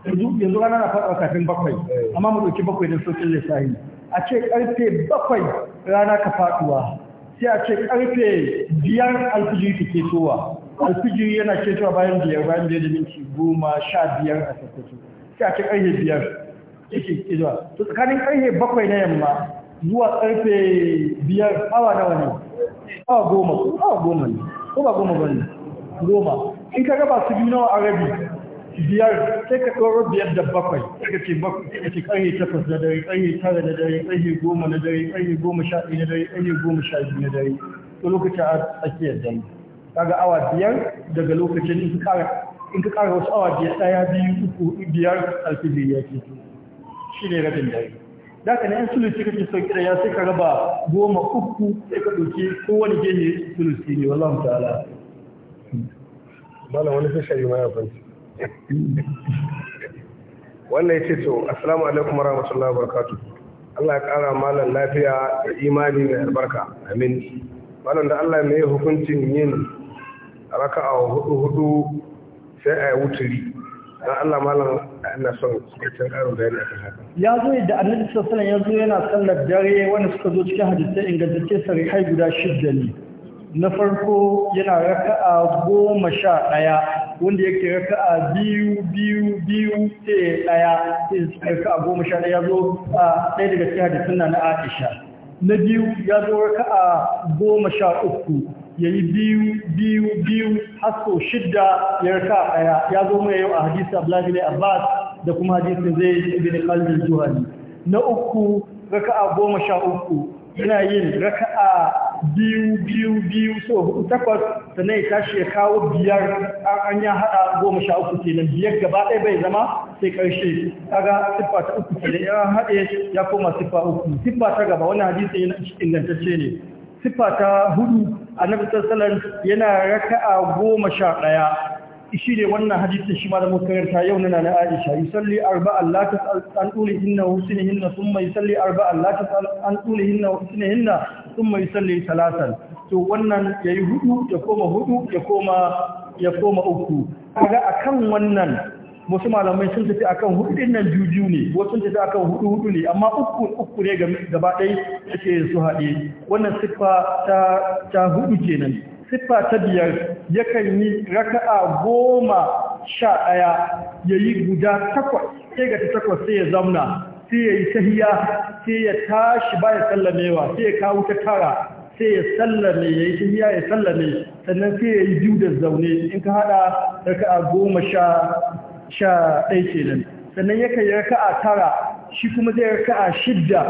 yanzu rana na faduwa kafin bakwai eh. amma mu ɗauki bakwai don sauƙin lissahi a ce ƙarfe bakwai rana ka faɗuwa. sai a ce ƙarfe biyar alfijiri ka towa alfijiri yana towa bayan biyar bayan biyar da minti goma sha biyar a sakkwato sai a ce ƙarfe biyar yake kewa to tsakanin ƙarfe bakwai na yamma zuwa ƙarfe biyar awa nawa ne awa goma awa goma ne ko ba goma ba ne goma in ka gaba su biyu nawa a rabi biyar sai ka ɗoro biyar da bakwai daga ka ce bakwai ka ce ƙarfe takwas na dare ƙarfe tara na dare ƙarfe goma na dare ƙarfe goma sha ɗaya na dare ƙarfe goma sha biyu na dare to lokacin a yadda dare kaga awa biyar daga lokacin in ka ƙara wasu awa biyar ɗaya biyu uku biyar alfijir ya ce shi ne rabin dare da ka na yan sulusi kake son da ya sai ka raba goma uku sai ka ɗauki kowane gehe sulusi ne wallahu ta'ala. Malam wani sai shayi ma ya fanci. wannan ya ce to assalamu alaikum wa rahmatullahi wa barakatu Allah ya kara malam lafiya da imani mai albarka amin malam da Allah mai hukuncin yin raka'a hudu hudu sai a yi wuturi dan Allah malam ina son cikakken karin bayani akan haka ya zo da annabi sallallahu alaihi wasallam ya zo yana sallar dare wanda suka zo cikin hadisi ingantacce sarihai guda shidda ne na farko yana raka'a goma sha ɗaya wanda yake raka'a biyu biyu biyu ɗaya sai raka'a goma sha ɗaya zo a ɗaya daga cikin hadisun na Aisha na biyu ya zo raka'a goma sha uku Ya yi biyu biyu biyu hasko, shidda ya raka'a ɗaya ya zo mai yau a hadisi Abdullahi Abbas da kuma hadisin zai ibn Khalid Juhani na uku raka'a goma sha uku yana yin raka'a biyu biyu biyu so hudu takwas sannan ya tashi ya kawo biyar an ya hada goma sha uku kenan biyar gaba ɗaya bai zama sai karshe kaga siffa ta uku kenan ya haɗe ya koma siffa uku siffa ta gaba wani hadisi yana ingantacce ne siffa ta hudu annabi sallallahu yana raka'a goma sha ɗaya shi ne wannan hadisin shi ma da muka karanta yau nuna na Aisha yusalli arba'an la tasal an hinna wa hinna thumma yusalli arba'an la tasal an hinna wa hinna thumma yusalli salatan to wannan yayi hudu ya koma hudu ya koma ya koma uku kaga akan wannan wasu malamai sun tafi akan hudu din nan juju ne wasu sun tafi akan hudu hudu ne amma uku uku ne gaba ɗaya suke su haɗe wannan siffa ta ta hudu kenan Sifa ta biyar yakan yi raka'a goma sha ɗaya ya yi guda takwas sai ga takwas sai ya zauna sai ya yi sahiya sai ya tashi ba ya sallamewa sai ya kawo ta tara sai ya sallame ya yi sahiya ya sallame sannan sai ya yi biyu da zaune in ka haɗa raka'a goma sha ɗaya kenan sannan yakan yi raka'a tara shi kuma zai raka'a shidda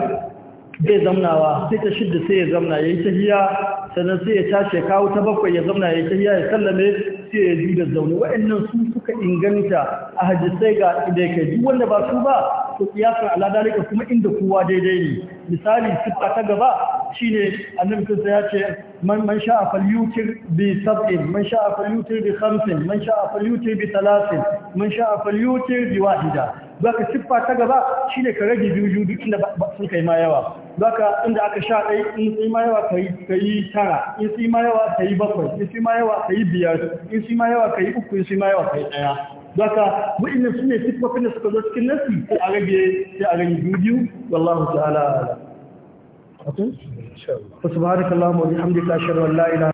zai zamnawa sai ta shidda sai ya zamna ya yi tahiya sannan sai ya tashi ya kawo ta bakwai ya zamna ya yi tahiya ya sallame sai ya juda zaune wa'annan su suka inganta a hadisai ga kai duk wanda ba su ba to kiyasa ala dalika kuma inda kowa daidai ne misali sifa ta gaba shine annabi kansa ya ce man man sha'a yutir bi sab'in man sha'a yutir bi khamsin man sha'a yutir bi thalathin man sha'a yutir bi wahida zaka siffa ta gaba shine ka rage biyu biyu duk inda sun kai ma yawa ka inda aka sha dai in sai ma yawa kai kai tara in sai ma yawa kai bakwai in sai ma yawa kai biyar in sai ma yawa kai uku in sai ma yawa kai daya zaka su sune siffofin da suka zo cikin nasi sai a rage sai a rage biyu biyu wallahu ta'ala okay subhanakallahumma wa bihamdika ashhadu an la ilaha